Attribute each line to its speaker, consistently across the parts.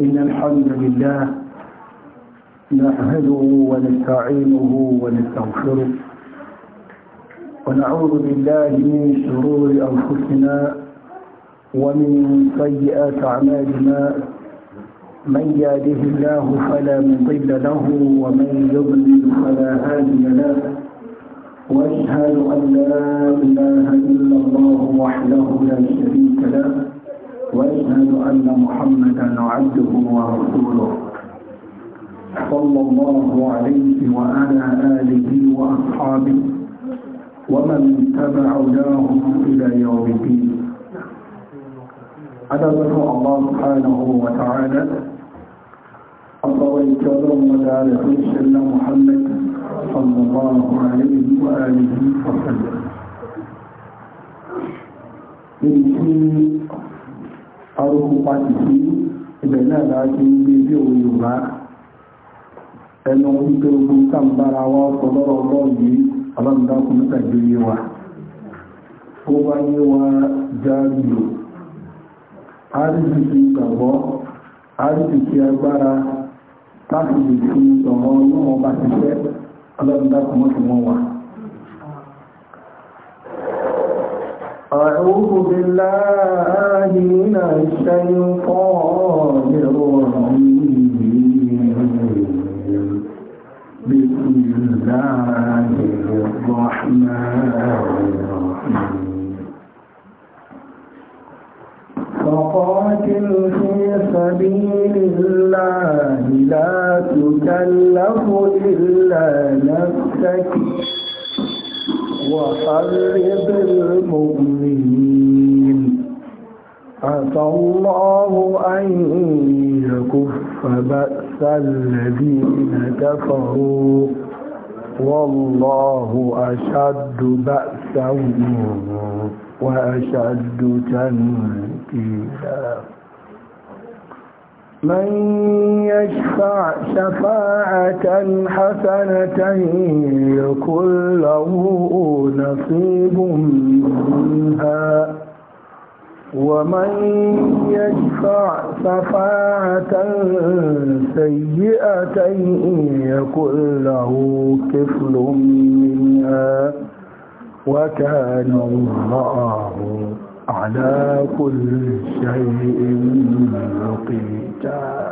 Speaker 1: إن الحمد لله نحمده ونستعينه ونستغفره ونعوذ بالله من شرور أنفسنا ومن سيئات أعمالنا من يهده الله فلا مضل له ومن يضلل فلا هادي له واشهد ان لا اله الا الله وحده لا شريك له واشهد ان محمدا عبده ورسوله صلى الله عليه وعلى اله واصحابه ومن تبع دارهم الى يوم الدين انا ذكر الله سبحانه وتعالى الله يكرم مدارك سيدنا محمد صلى الله عليه واله وسلم faruku pàtì sí ibẹ̀ náà láti ń gbé na ogun sàmbára wá wa ó bá yé wa jáàrìlò àríṣìṣì fi ọ̀rọ̀ ọlọ́run bá ṣiṣẹ́ alámùdákùn mọ́tò أعوذ بالله من الشيطان الرجيم بسم الله الرحمن الرحيم فقاتل في سبيل الله لا تكلف إلا نفسك وحرب المؤمنين عسى الله أن يكف بأس الذين كفروا والله أشد بأسا وأشد تنكيلا من يشفع شفاعة حسنة يكون له نصيب منها ومن يشفع شفاعة سيئة يكون له كفل منها وكان الله على كل شيء يقين شتى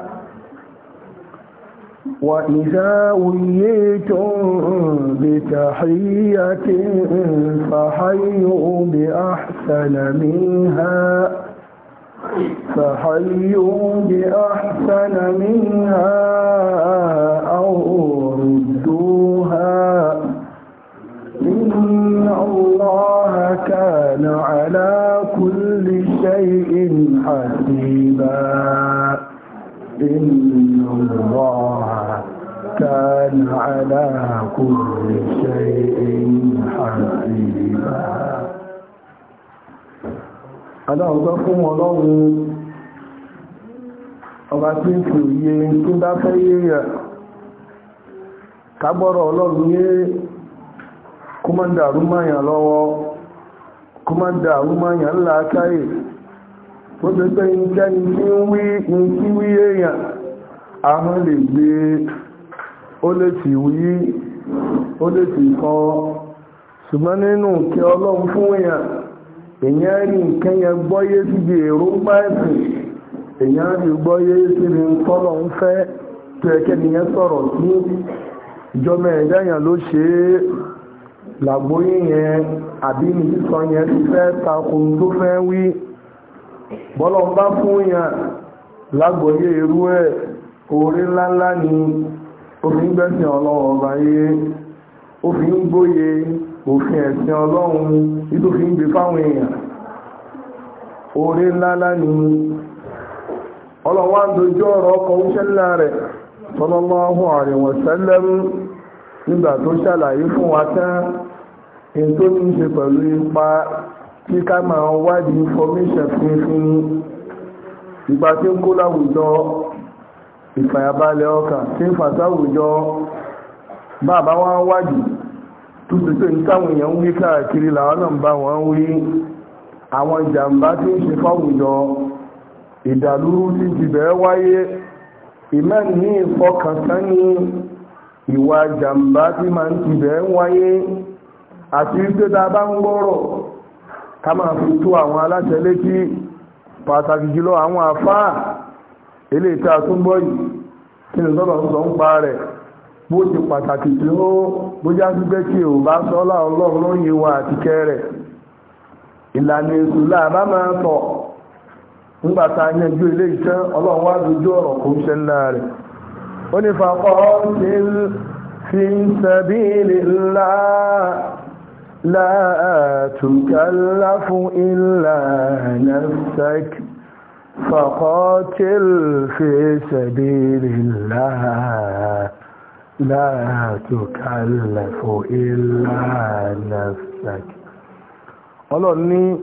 Speaker 1: وإذا أويتم بتحية فحيوا بأحسن منها فحيوا بأحسن منها أو ردوها إن الله كان على كل شيء حسيبا إن الله كان على كل شيء حسيبا aláwọ̀dọ́ fún ọlọ́run ọba tí ń fi ọlọ́run yé kó má lọ́wọ́ kó má ńlá káyè bó ṣe pé ìjẹni tí ń wí ní kí wí èèyàn ahọ́n lè gbé ó lè ti wí ó lè ti kọ́ ṣùgbọ́n nínú kí ọlọ́run fún èèyàn èèyàn rí nǹkan yẹn gbọ́yé síbi èròǹgbà ẹ̀sìn èèyàn rí gbọ́yé síbi tọ́lọ̀ ń fẹ́ tó ẹ̀kẹ́ nìyẹn sọ̀rọ̀ sí ìjọba ẹ̀dá ló ṣe é làgbóyé yẹn àbí nìyí sọ yẹn ti fẹ́ takò tó fẹ́ wí. bọ́lọ̀ ń bá fún yàn lágbòye irú ẹ̀ orí ńláńlá ni òfin gbẹ̀sìn ọlọ́run ọba yé òfin gbóye òfin ẹ̀sìn ọlọ́run nítòfin gbé fáwọn èèyàn orí ńláńlá ni ọlọ́wà dojú ọ̀rọ̀ ọkọ̀ òṣèlá rẹ̀ sallallahu nígbà fún kí ká máa wádìí information fínfín ní ìgbà tí ń kó láwùjọ ìfàyàbalẹ̀ ọkàn tí ń fàtàwùjọ bàbá wọn wádìí tuntun tó ń táwọn èèyàn ń wí káàkiri làwọn náà ń bá wọn wí àwọn ìjàmbá tí ń ṣe fáwùjọ ìdàlúrú tí ti bẹ̀rẹ̀ wáyé ìmẹ́rin ní ìfọkàntán ní ìwà jàmbá tí máa ń ti bẹ̀rẹ̀ wáyé àti wípé tá a bá ń gbọ́rọ̀ ká máa fi tó àwọn aláṣẹ létí pàtàkì jùlọ àwọn àfáà a yìí kí ni sọ́dọ̀ ń sọ ń pa rẹ̀ bó pàtàkì tí ó bójá sí pé kí ò bá ọlọ́run ìlànà láàbá máa ń nígbà tá a yanjú eléyìí tán ọlọ́run wá dojú ọ̀rọ̀ ń ṣe ńlá rẹ̀ لا تكلف إلا نفسك فقاتل في سبيل الله لا تكلف إلا نفسك ọlọ́run ní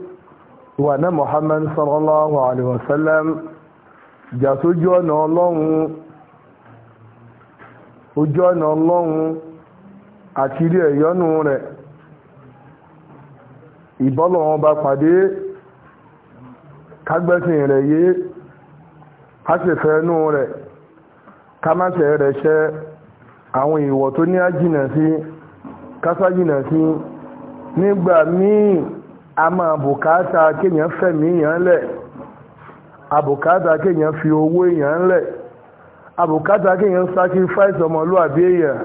Speaker 1: ìwàná Muhammad sallallahu alaihi wasallam jà sójú ọ̀nà ọlọ́run ojú ọ̀nà ọlọ́run àti ilé ẹ̀yọ́nù rẹ̀ ìbọ́lọ̀ wọn bá pàdé kágbẹ́sìn rẹ̀ yé a sì fẹ́ẹ́nú rẹ̀ kámásẹ̀ rẹ̀ ṣẹ́ àwọn ìwọ̀ tó ní àjìnà sí kásájìnà sí nígbà míì a máa bùkátà kéèyàn fẹ̀mí èèyàn lẹ̀ àbùkátà kéèyàn fi owó èèyàn lẹ̀ àbùkátà kéèyàn sacrifice ọmọlúwàbí èèyàn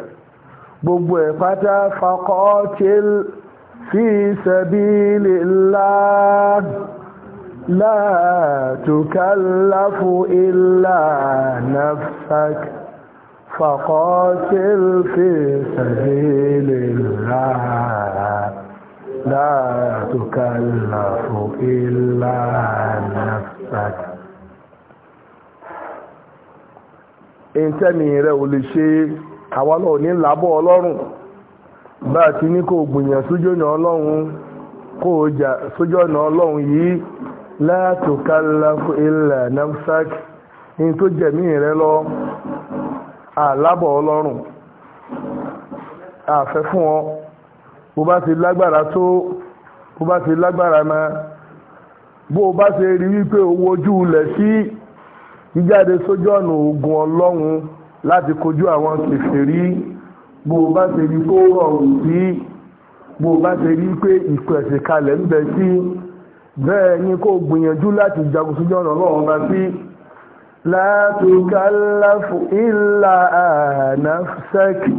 Speaker 1: gbogbo ẹ̀ pátá fakọ́ tẹ́lẹ̀ في سبيل الله لا تكلف إلا نفسك فقاتل في سبيل الله لا تكلف إلا نفسك إن تمير أولي شيء àwọn náà ní làbọ̀ ọlọ́run bá a ti ní kó gbìyàn sójú ọ̀nà ọlọ́run kó o jà sójú ọ̀nà ọlọ́run yìí la tukallafu illa nafsak ní tó jẹ̀mí rẹ lọ àlábọ̀ ọlọ́run àfẹ́ fún ọ bó bá ti lágbára tó bó bá ti lágbára máa bó o bá ṣe rí wípé owó ojú ulẹ̀ sí jíjáde sójú ọ̀nà ogun ọlọ́run láti kojú àwọn kèfèrí bó bá ṣe rí kó rọrùn sí bó bá ṣe rí pé ìpẹ̀sẹ̀ kalẹ̀ ń bẹ sí bẹ́ẹ̀ ni kó gbìyànjú láti jagun jagunṣújọ́ ọ̀nà ọlọ́run bá sí látùkálàfù ìlà ànáfẹ́kì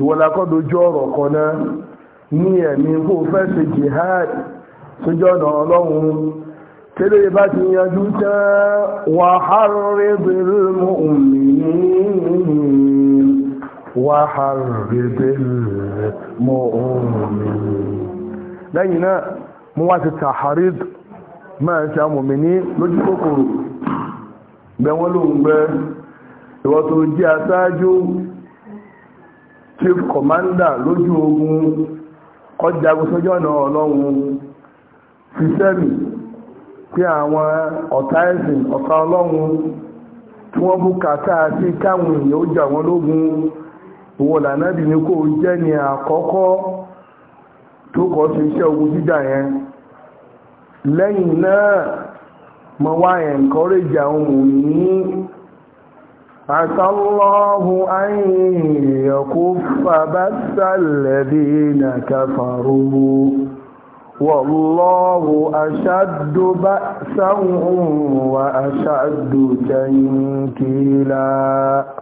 Speaker 1: ìwọlákọ́dójú ọ̀rọ̀ kan náà ní ẹ̀mí kó fẹ́ ṣe jihad ṣújọ́ ọ̀nà ọlọ́run tẹ́lẹ̀ bá ti yanjú tán wàhálà rẹ̀ bẹ̀rẹ̀ mọ́ òmìnir wàhálùbẹ̀lẹ̀ mọ́ òmìnir lẹ́yìn náà mú wá ti tàháríd máa ṣe amòmìnir lójú kòkòrò bẹ ló ń gbẹ́ ìwọ tó jẹ́ chief commander lójú ogun kọjá agbóṣọ́jọ́ náà ọlọ́run fi sẹ́mì pé àwọn ọ̀tá ẹ̀sìn ọ̀tá ọlọ́run tí wọ́n bú kàtà sí káwọn èèyàn ó jà wọ́n ìwọ̀n lànàbì ní kò jẹ́ ni àkọ́kọ́ tó kọ́ sí iṣẹ́ ogun jíjà yẹn lẹ́yìn náà mọ wá ẹ̀ǹkọ́rẹ́jì àwọn òmìnirí àtàlọ́hùn àyìnyẹ̀kú fàbásàlẹ̀bí na kàfàrú wọ̀lọ́hù aṣáàdù sáhùn wà aṣáàdù jẹ́ kìí láà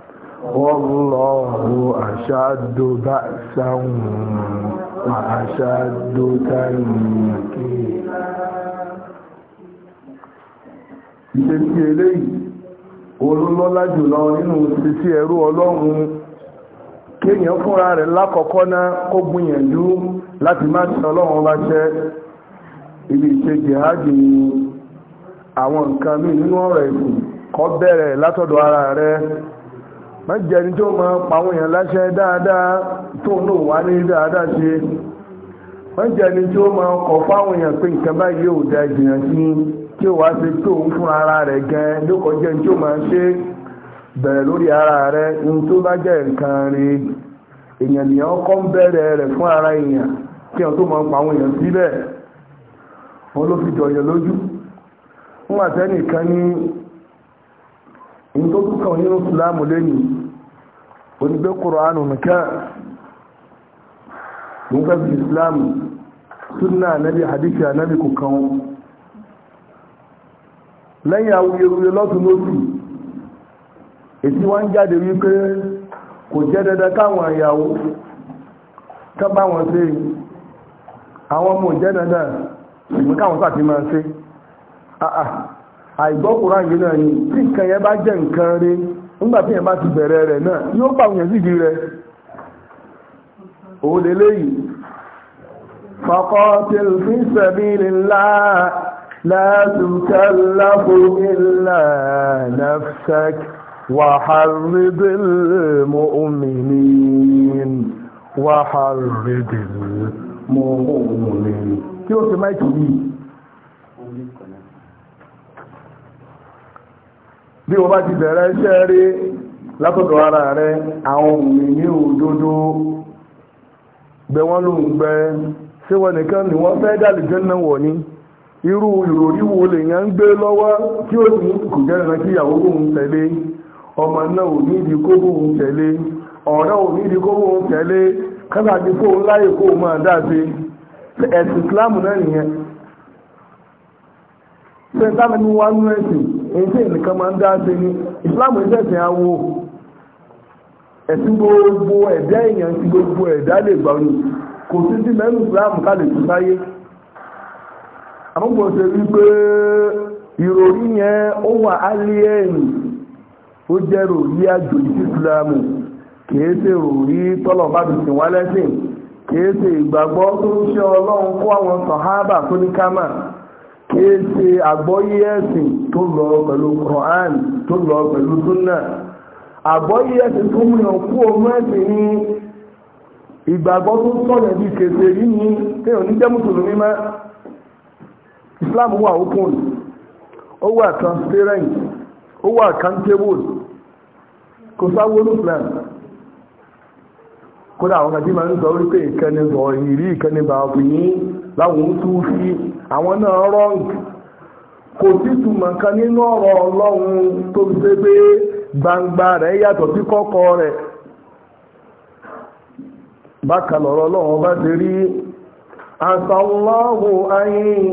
Speaker 1: والله أشد بأسا وأشد تنكيلا ìṣesí eléyìí olólọ́lá jùlọ nínú ìṣesí ẹrú ọlọ́run kéèyàn fúnra rẹ̀ lákọ̀ọ́kọ́ náà kó gbìyànjú láti má ṣe ọlọ́run bá ibi ìṣe jihadi ni àwọn nǹkan míì má jẹ́ ní tó máa pàwọn èèyàn láṣẹ dáadáa tó náà wá ní dáadáa ṣe má jẹ́ tó máa kọ̀ fáwọn èèyàn pé nǹkan báyìí ò da ìjìyàn sí kí wàá ṣe tó ń fún ara rẹ gan ló jẹ tó ara ní tó bá nǹkan rí èèyàn ń fún ara èèyàn kí tó máa pàwọn èèyàn wọn ló fi lójú wọn onígbé kùránù nìkan nígbà bí islam súnà anábì hadithi anábì kò kan lẹ́yìn awuyewuye lọ́tún lósì èsì wọ́n jáde wípé kò jẹ́ dandan káwọn ìyàwó tọ́bá wọn sí àwọn ọmọ òjẹ́ dandan ìgbé káwọn sàtí máa sí àìgbọ́kùnrin àyè náà ni tí nǹkan yẹn bá jẹ́ nǹkan rí nígbà tí yẹn bá ti bẹ̀rẹ̀ rẹ̀ náà yóò bá òyìn sí ibi rẹ̀ òun lè léyìí فقاتل في سبيل الله لا تكلف إلا نفسك وحرض المؤمنين وحرض المؤمنين kí ó ṣe máìkì yìí bí wọ́n bá ti bẹ̀rẹ̀ iṣẹ́ rí látọ̀dọ̀ ara rẹ̀ àwọn òmìn ní òdodo gbẹ wọ́n ló ń gbẹ ṣé wọ́n nìkan ni wọ́n fẹ́ dàlì jẹ́nà wọ̀ ni irú ìròrí wo lèèyàn ń gbé lọ́wọ́ tí ó sì kò jẹ́rìnà kí ìyàwó òun tẹ̀lé ọmọ náà ò ní ìdí kó bóun tẹ̀lé ọ̀rẹ́ ò ní ìdí kó bóun tẹ̀lé kábàdí fóun láyè kó máa dá sí ẹ̀sìn Islam náà nìyẹn ṣe ń dábẹ́ ní wá nú ẹ̀sìn èyí nìkan máa ń dá sí ní Islam ń tẹ̀sìn awo ẹ̀sìn gbogbo ẹ̀dá èèyàn sí gbogbo ẹ̀dá lè gbà kò sí sí mẹ́rin Islam ká lè tún sáyé àmúgbò ṣe rí pé ìròrí yẹn ó wà alien ó jẹ́ Islam kìí ṣe tọ́lọ̀ bá sìn kìí ṣe àgbọ́yé ẹ̀sìn tó lọ pẹ̀lú Quran tó lọ pẹ̀lú súnà àgbọ́yé ẹ̀sìn tó mú yàn kú ọmọ ẹ̀sìn ní ìgbàgbọ́ tó sọ̀rọ̀ bí kèsè rí ní téèyàn ní jẹ́ mùsùlùmí Islam wà open ó wà transparent ó wà accountable kò sáwó ní Islam kódà àwọn àjímà ń sọ wípé ìkẹni sọ ìrí ìkẹni bàbá yìí láwọn tó fi àwọn náà wrong kò sí túmọ̀ kan nínú ọ̀rọ̀ ọlọ́run tó fi ṣe pé gbangba rẹ̀ yàtọ̀ sí kọ́kọ́ rẹ̀ bákan lọ̀rọ̀ ọlọ́run bá ti rí asàlọ́wò ayín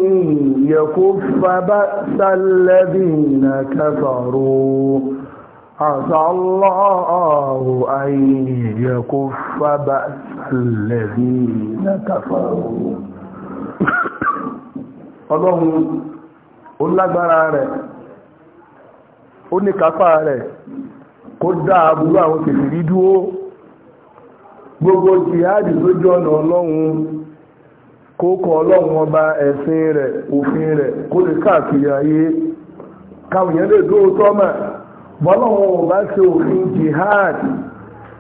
Speaker 1: yẹ̀kú bàbá sálẹ́bìnà kẹfàró asàlọ́wò ayín yẹ̀kú bàbá sálẹ́bìnà kẹfàró ọlọ́run ó lágbára rẹ̀ ó ní kápá rẹ̀ kó dá gbogbo jihadi lójú ọ̀nà ọlọ́run kókọ ọlọ́run ọba ẹ̀sìn rẹ̀ òfin rẹ̀ kó lè káàkiri ayé káwọn èèyàn lè dúró tọ́mọ̀ bọ́lọ́run ọba ṣe òfin jihadi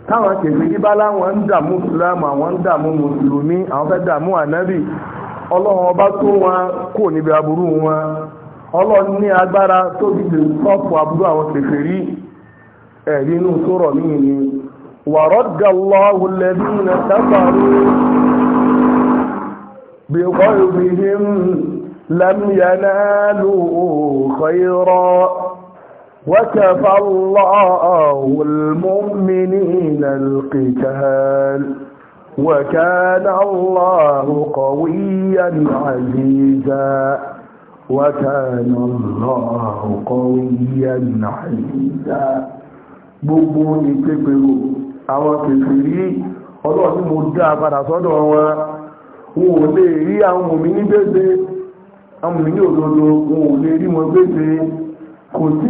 Speaker 1: táwọn kèfèrí bá láwọn ń dààmú islam àwọn ń dààmú mùsùlùmí àwọn fẹ́ dààmú ànábì ọlọ́run ọba tó wọn kò níbi aburú wọn ọlọ́run ní agbára tó fi lè sọ́pù aburú àwọn kèfèrí ẹ̀rí inú sọ̀rọ̀ míì ni agbara to bí le sopu aburu awon rí eri inu tó rọ̀ ni waroda lowo lebi na sábàrú bí kọ́ ìbìhìm lámìyànálù khayra وكفى الله المؤمنين القتال وكان الله قويا عزيزا وكان الله قويا عزيزا gbogbo ìpépèrò awọn kèfèrí ọlọ́run ni mo dá padà sọ́dọ̀ wọn wọn ò rí àwọn mòmìnì gbèsè àwọn mòmìnì òdodo wọn ò rí wọn gbèsè kò sí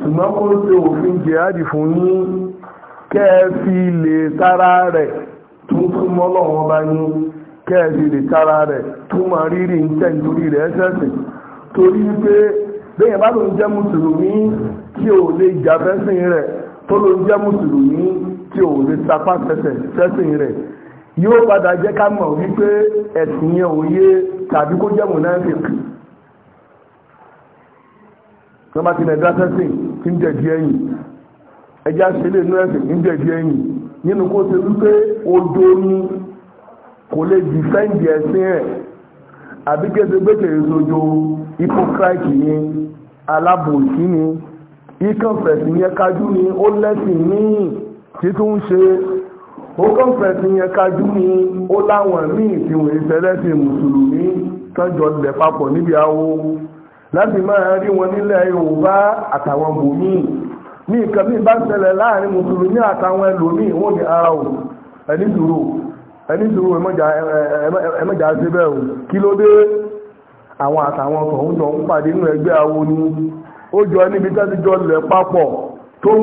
Speaker 1: ṣùgbọ́n kó ṣe òfin jihadi fún yín kẹ́ẹ̀fì lè tara rẹ̀ tún súnmọ́ lọ́wọ́ bá yín kẹ́ẹ̀fì lè tara rẹ̀ tún máa rírì ń tẹ̀ nítorí rẹ̀ ẹ̀sẹ̀sìn torí pé bẹ́yẹn bá ló ń jẹ́ mùsùlùmí tí ò lè jà fẹ́sìn rẹ̀ tó ló ń jẹ́ mùsùlùmí tí ò lè sapá fẹ́sìn rẹ̀ yóò padà jẹ́ ká mọ̀ wípé ẹ̀sìn yẹn òye tàbí kó jẹ́ mùnáfíkì tó bá ti nà ẹ̀dá sẹ́sìn kí ń jẹ̀dí ẹ̀yìn ẹjá ṣe lè nú ẹ̀sìn kí ń jẹ̀dí ẹ̀yìn nínú kó ṣe wípé odo ni kò lè dìfẹ́ǹdì ẹ̀sìn ẹ̀ àbí kéde gbèsè ìsojo hypocrite ni alábòsí ni ìkànfẹ̀sì yẹn kájú ni ó lẹ́sìn míì títún ṣe ó kànfẹ̀sì yẹn kájú ni ó láwọn míì tí wọ́n ìfẹ́lẹ́sìn mùsùlùmí tọ́jọ́ lẹ̀ papọ̀ níbi awo láti máa rí wọn nílẹ̀ yorùbá àtàwọn bòmí ní nǹkan bí bá ṣẹlẹ̀ láàrin mùsùlùmí àtàwọn ẹlòmíì wọ́n ní ara ò ẹni dúró ẹni ẹmọ́jà ṣe bẹ́ẹ̀ o kí ló dé àwọn àtàwọn tọ̀hún jọ ń pàdé nínú ẹgbẹ́ awo ni ó jọ níbi tẹ́sí jọ lẹ̀ papọ̀ tó ń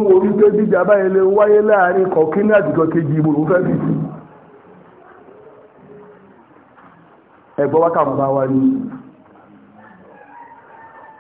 Speaker 1: wo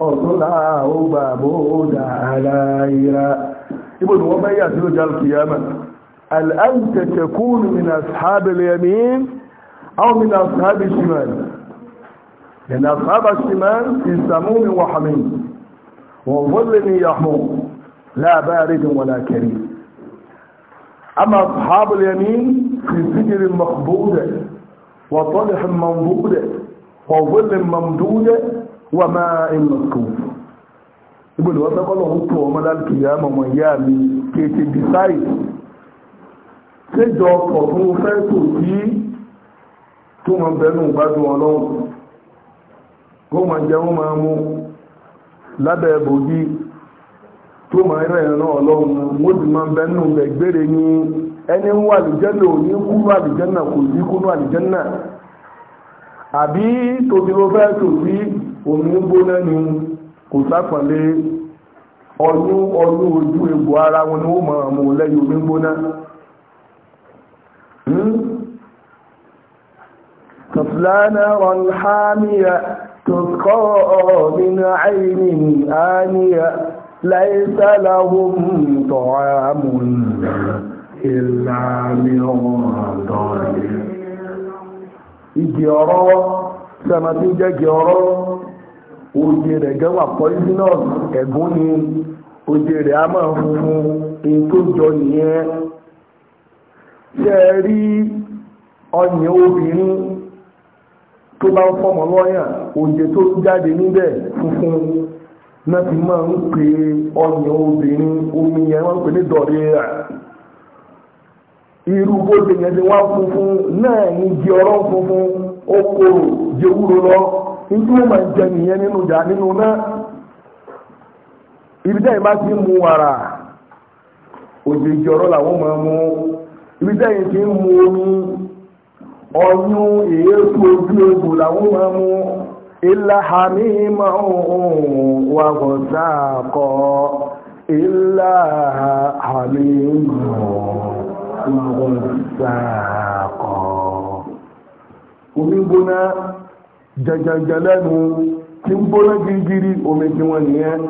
Speaker 1: يقول ومن يأتي رجال القيامة الأنت تكون من أصحاب اليمين أو من أصحاب الشمال لأن أصحاب الشمال في سموم وحميم وظلم يحموم لا بارد ولا كريم أما أصحاب اليمين في سجر مخبوده وطلح منضودة وظل ممدودة wà máa ń lọ tó ìgbòdò wọ́n fẹ́kọ́ lọ́wọ́ tó ọmọ láti ìyá ọmọ ìyá mi kéèké bísáì séjọ ọkọ̀ fún fẹ́ tò sí tó wọn bẹnu gbádùn ọlọ́run wọ́n máa jẹ wọ́n máa mú lábẹ́ ẹ̀bòjì tó máa rẹ̀ ẹ̀ràn ọlọ́run wọ́n sì máa bẹnu gbẹ̀gbẹ̀rẹ̀ ní ẹni ń wà àlùjẹ́nà ò ní kúrú àlùjẹ́nà kò sí kúrú àlùjẹ́nà àbí tòbí ló fẹ́ tò sí omi gbóná ni kò sápọ̀lé ọdún ọdún ojú egbò ara wọn ni ó mọ̀ ọmọ lẹ́yìn omi gbóná tọ̀fìlánà ọ̀nàmíyà tọ̀kọ́ ọ̀mìnà àìní àníyà láìsálàhùn tọ̀hámùn ìlàmì ọ̀rọ̀ ìgbì ọ̀rọ̀ oje rẹ̀ gan wà poisonous ẹ̀gún ni oje rẹ̀ a máa funfun in tó jọ nìyẹn ṣe é rí ọyàn obìnrin tó bá ń fọmọ lọ́yàn oje tó jáde níbẹ̀ funfun náà fi máa ń pe ọyàn obìnrin omi yẹn wọ́n ń pè ní dọ̀rẹ́ rà irú yẹn ti wá funfun náà ní ji ọrọ funfun ó korò jẹ wúro lọ. ikú mọ̀ jẹ nìyẹn nínú ìjà nínú náà ibi tẹ́yìn bá ti mu wàrà òjèjì ọ̀rọ̀ làwọn máa mú ibi tẹ́yìn ti ń mu omi ọyún èékù ojú egbò làwọn máa mú ilá hàmí máa ń wà kò sáàkọ ilá hàmí máa wà kò sáàkọ jẹjẹjẹ lẹ́nu tí ń gbóná gírígírí omi tí wọ́n nìyẹn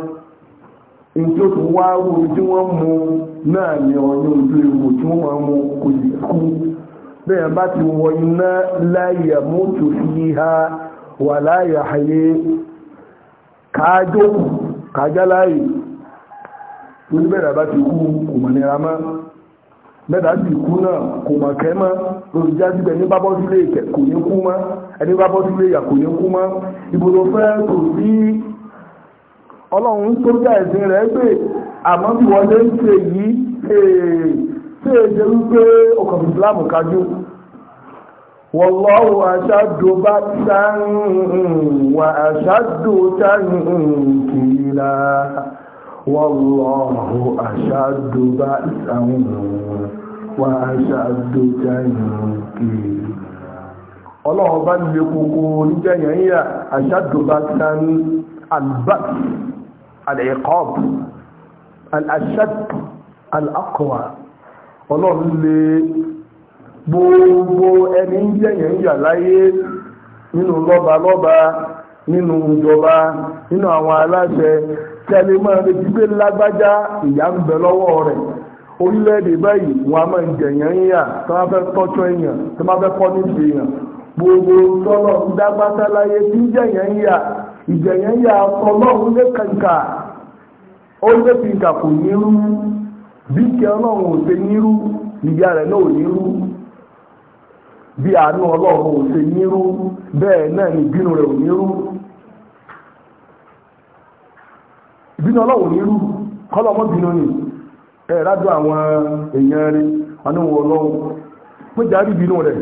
Speaker 1: nítí ó tún wá omi tí wọ́n mu náà ní ọyún ojú ewu tí wọ́n máa mu kò sì kú bẹ́ẹ̀ bá ti wọ iná láyé mọ́tò fi ha wà láyé àyè káájókù káájá láyé tó ní bẹ́ẹ̀ bá ti kú kò mọ̀ nira mọ́ mẹ́ta bí ikú náà kò mọ̀ kẹ́ mọ́ lórí jáde bẹ́ẹ̀ ní bábọ́ sílé ìkẹ́ kò ní kú mọ́ ẹni bábọ́ sílé ìyà kò ní kú mọ́ ìbòdó fẹ́ kò sí ọlọ́run tó já ẹ̀sìn rẹ̀ pé àmọ́ bí wọ́n lé ń ṣe yìí ṣe é ṣe wípé ọkàn ìsìlámù kájú wọ́lọ́wọ́ aṣáàdù bá sáà wà aṣáàdù sáà kìlá والله أشد بأسا وأشد تنكيلا ọlọ́run bá lè kókó níjẹ̀yàn yíyà àṣàdùbá tán albas alẹ́kọ́b aláṣàd alákọ̀wà ọlọ́run lè gbogbo ẹni níjẹ̀yàn láyé nínú lọ́ba, nínú ìjọba nínú àwọn aláṣẹ kẹ́lẹ́ máa retí lágbájá ìyá ń bẹ lọ́wọ́ rẹ̀ orílẹ̀ báyìí wọn a máa ń jẹ̀yàn yíyà tí wọ́n fẹ́ èèyàn tí èèyàn gbogbo tọ́lọ̀ ń dágbátá láyé tí yíyà ìjẹ̀yàn yíyà lé ó lé kò nírú bí kí ò ṣe nírú ìyá ìbínú ọlọ́wọ̀ nírú kọ́lọ̀mọ́ bínú ni ẹ̀ rájú àwọn èèyàn rí aníwọ̀ ọlọ́wọ̀ pé járí bínú rẹ̀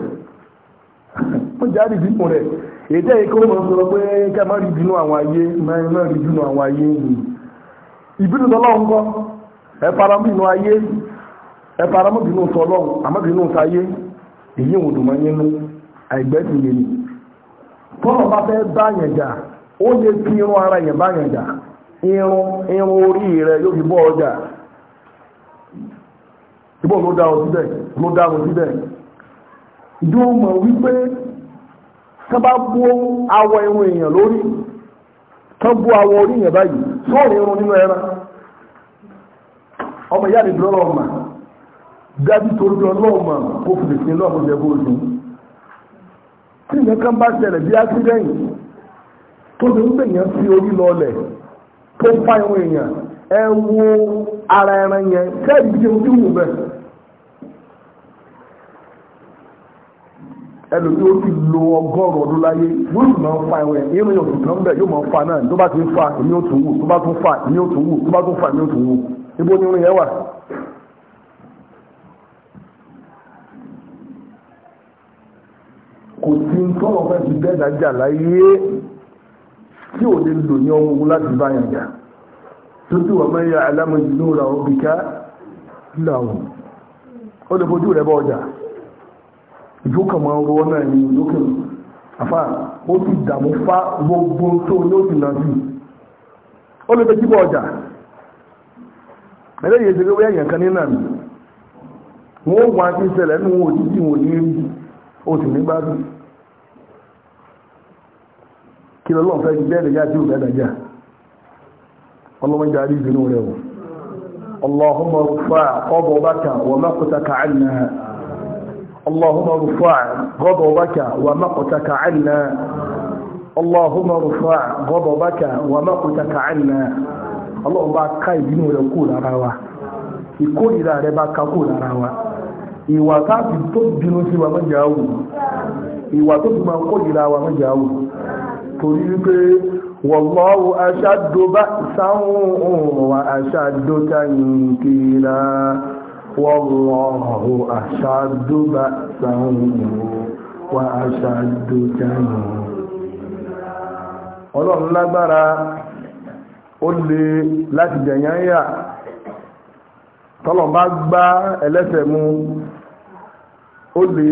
Speaker 1: pé járí bínú rẹ̀ èdè ikọ́ mọ̀ sọ pé kẹ́ má rí bínú àwọn ayé má rí bínú àwọn ayé ni ìbínú tọ́lọ́wọ́ aye ẹ faramọ́ ayé ẹ faramọ́ bínú tọ́lọ́wọ́ àmọ́ bínú sáyé èyí yẹn ni bá fẹ́ bá yẹn jà ó irun ara yẹn bá irun orí rẹ yóò fi bọ́ ọjà ìbọn ló dáhùn síbẹ̀ ló dáhùn síbẹ̀ yóò mọ̀ wípé tán bá bú awọ irun èèyàn lórí tán bú awọ orí èèyàn báyìí tó rí irun nínú ẹran ọmọ ìyá mi dúró lọ́wọ́ mà dájú tó kó kan bá ṣẹlẹ̀ bí tó ti ń gbèyàn tó ń fáyọ̀ èèyàn ẹ wo ara ẹran yẹn kẹ́ẹ̀dì tí o ti wù bẹ́ẹ̀. ẹlòmí ó ti lo ọgọ́rùn ọdún láyé yóò sì máa ń fa ẹwẹ́ irun yóò tún kàn bẹ́ẹ̀ yóò máa ń fa náà tó bá ti ń fa èmi ò tún wù tó bá tún fa èmi ò tún wù tó bá tún fa èmi ò tún wù ibo ni irun yẹn wà. kò sí ń tọ́lọ̀ fẹ́ fi bẹ́ẹ̀ dájà láyé. tí ò lè lò ní ọmọ ogun láti bá yàn jà tó tí wọ́n mẹ́rin alámọ̀ ìlú ra omi ká láwọn ó lè fojú rẹ̀ bọ́ ọjà ìjókà máa rọ náà ní ó ti fá gbogbo tó ní ó lè bọ́ ọjà ẹlẹ́yìn kan nínà mi wọ́n wọ́n ti ṣẹlẹ̀ nínú kí lọ́lọ́n fẹ́ bẹ́ẹ̀lẹ̀ já tí ó bẹ́ẹ̀lẹ̀ já ọlọ́wọ́n já ìbínú rẹ̀ wọ̀ اللهم ارفع غضبك ومقتك عنا اللهم ارفع غضبك ومقتك عنا اللهم ارفع غضبك ومقتك عنا اللهم bá ká ìbínú rẹ̀ kú lára wa ìkórìíra rẹ̀ bá ká kú lára wa ìwà táàbì tó bínú sí wa mọ́jà wù ìwà tó fi máa kórìíra wa mọ́jà wù torí wípé wallahu ashaddu ba'san wa ashaddu tankira wallahu ashaddu ba'san wa ashaddu tankira ọlọ́run lágbára ó lè láti jẹ̀yàn yà tọ́lọ̀ bá gbá ẹlẹ́sẹ̀ mú ó lè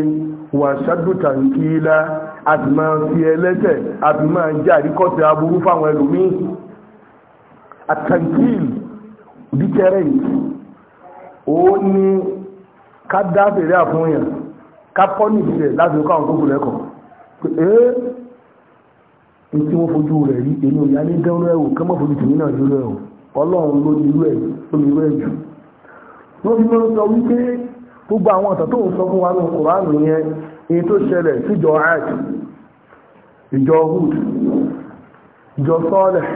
Speaker 1: wà ṣádùtà ń a sì máa fi ẹlẹ́tẹ̀ a sì máa jẹ́ àríkọ́sẹ̀ aburú fáwọn ẹlòmíì àtàǹkìl deterrent ó ní ká dá fèrè àfúnyàn ká pọ́nìsì rẹ̀ láti ọkọ̀ àwọn kókò lẹ́kọ̀ọ́ ee tí wọ́n fojú rẹ̀ rí èmi ò yá ní dánrọ ẹ̀wò kí wọ́n fojú tèmi náà dúró ẹ̀wò ọlọ́run ló ní irú ẹ̀ ló ní irú ẹ̀ jù ló fi mọ́ sọ wípé gbogbo àwọn ọ̀tọ̀ tó ń sọ fún wa ní Kùránì yẹn èyí tó ṣẹlẹ̀ síjọ Ad ìjọ Hud ìjọ Salih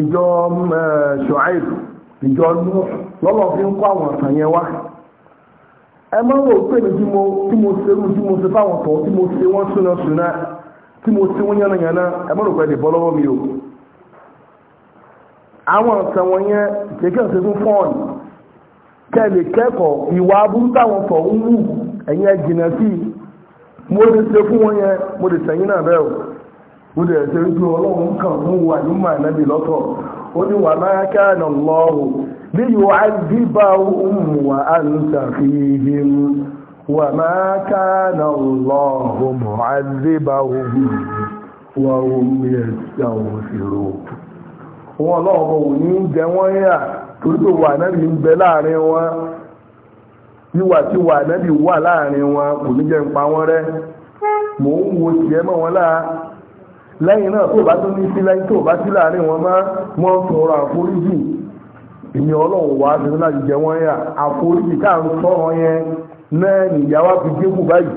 Speaker 1: ìjọ Shu'aib ìjọ lọ́lọ́ fi ń kọ́ àwọn ọ̀sán wá ẹ máa ń pé mi tí mo tí mo ṣe irú tí mo ṣe fáwọn tí mo ṣe wọ́n tí o àwọn wọn fún fọ́ọ̀nù kẹ́kọ̀ọ́ ìwà tọ̀ ń ẹ̀yin ẹ̀jìnà sí mo lè ṣe fún wọn yẹn mo lè sẹ̀yìn náà bẹ́ẹ̀ o mo lè ṣe wípé ọlọ́run kan mú wà ní mà nábì lọ́tọ̀ ó ní wà máa ká nà lọ́rùn bí yóò á bí bá òun wà á ń wà ká nà lọ́rùn á dé bá òun wà òun yẹ wọn jẹ wọ́n torí wíwà tí wà nábì wà láàrin wọn kò ní jẹ́ ń pa wọ́n rẹ́ mò ń wo tiẹ̀ mọ́ wọn láà lẹ́yìn náà tó bá tó ní sí lẹ́yìn tó bá sí láàrin wọn máa wọ́n sọ̀rọ̀ àforíjì èmi ọlọ́run wà á fi láti jẹ wọ́n yà àforíjì tá à ń sọ̀rọ̀ yẹn náà nìyá wa fi dínkù báyìí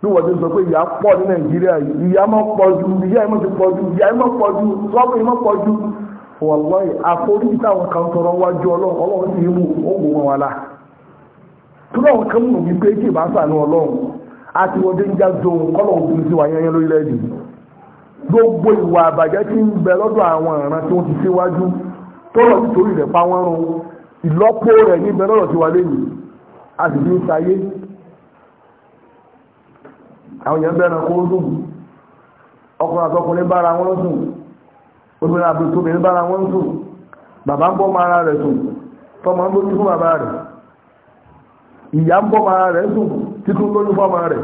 Speaker 1: bí wọ́n ti sọ pé ìyá pọ̀ ní nàìjíríà ìyá mọ́ pọ̀ ju ìyá ìmọ̀ ti pọ̀ ju ìyá ìmọ̀ pọ̀ ju lọ́pọ̀ ìmọ̀ pọ̀ ju wàlláhì àforíjì táwọn kan sọ̀rọ̀ wájú ọlọ́run ọlọ́run ti mú ó wù wọn wà láà torí àwọn kan mọ̀ wípé tí ìbá sànú ọlọ́run àti wọ́n dé ń já zon kọ́lọ̀ òfin sí wa yẹn lórí lẹ́ẹ̀dì gbogbo ìwà àbàjẹ́ tí ń bẹ lọ́dọ̀ àwọn ìran tí wọ́n ti síwájú tọ́lọ̀ nítorí rẹ̀ pa wọ́n run ìlọ́po rẹ̀ níbẹ̀ lọ́dọ̀ ti wà lẹ́yìn a sì fi ń sayé àwọn èèyàn bẹ̀rẹ̀ kó sùn ọkùnrin àtọkùnrin bára wọn sùn obìnrin àbùsùn obìnrin bára wọn sùn bàbá ń bọ́ mọ́ ara rẹ̀ sùn tọmọ ń bójú fún bàbá rẹ̀ ìyá ń bọ́ máa rẹ̀ dùn títún lóyún fọ́ máa rẹ̀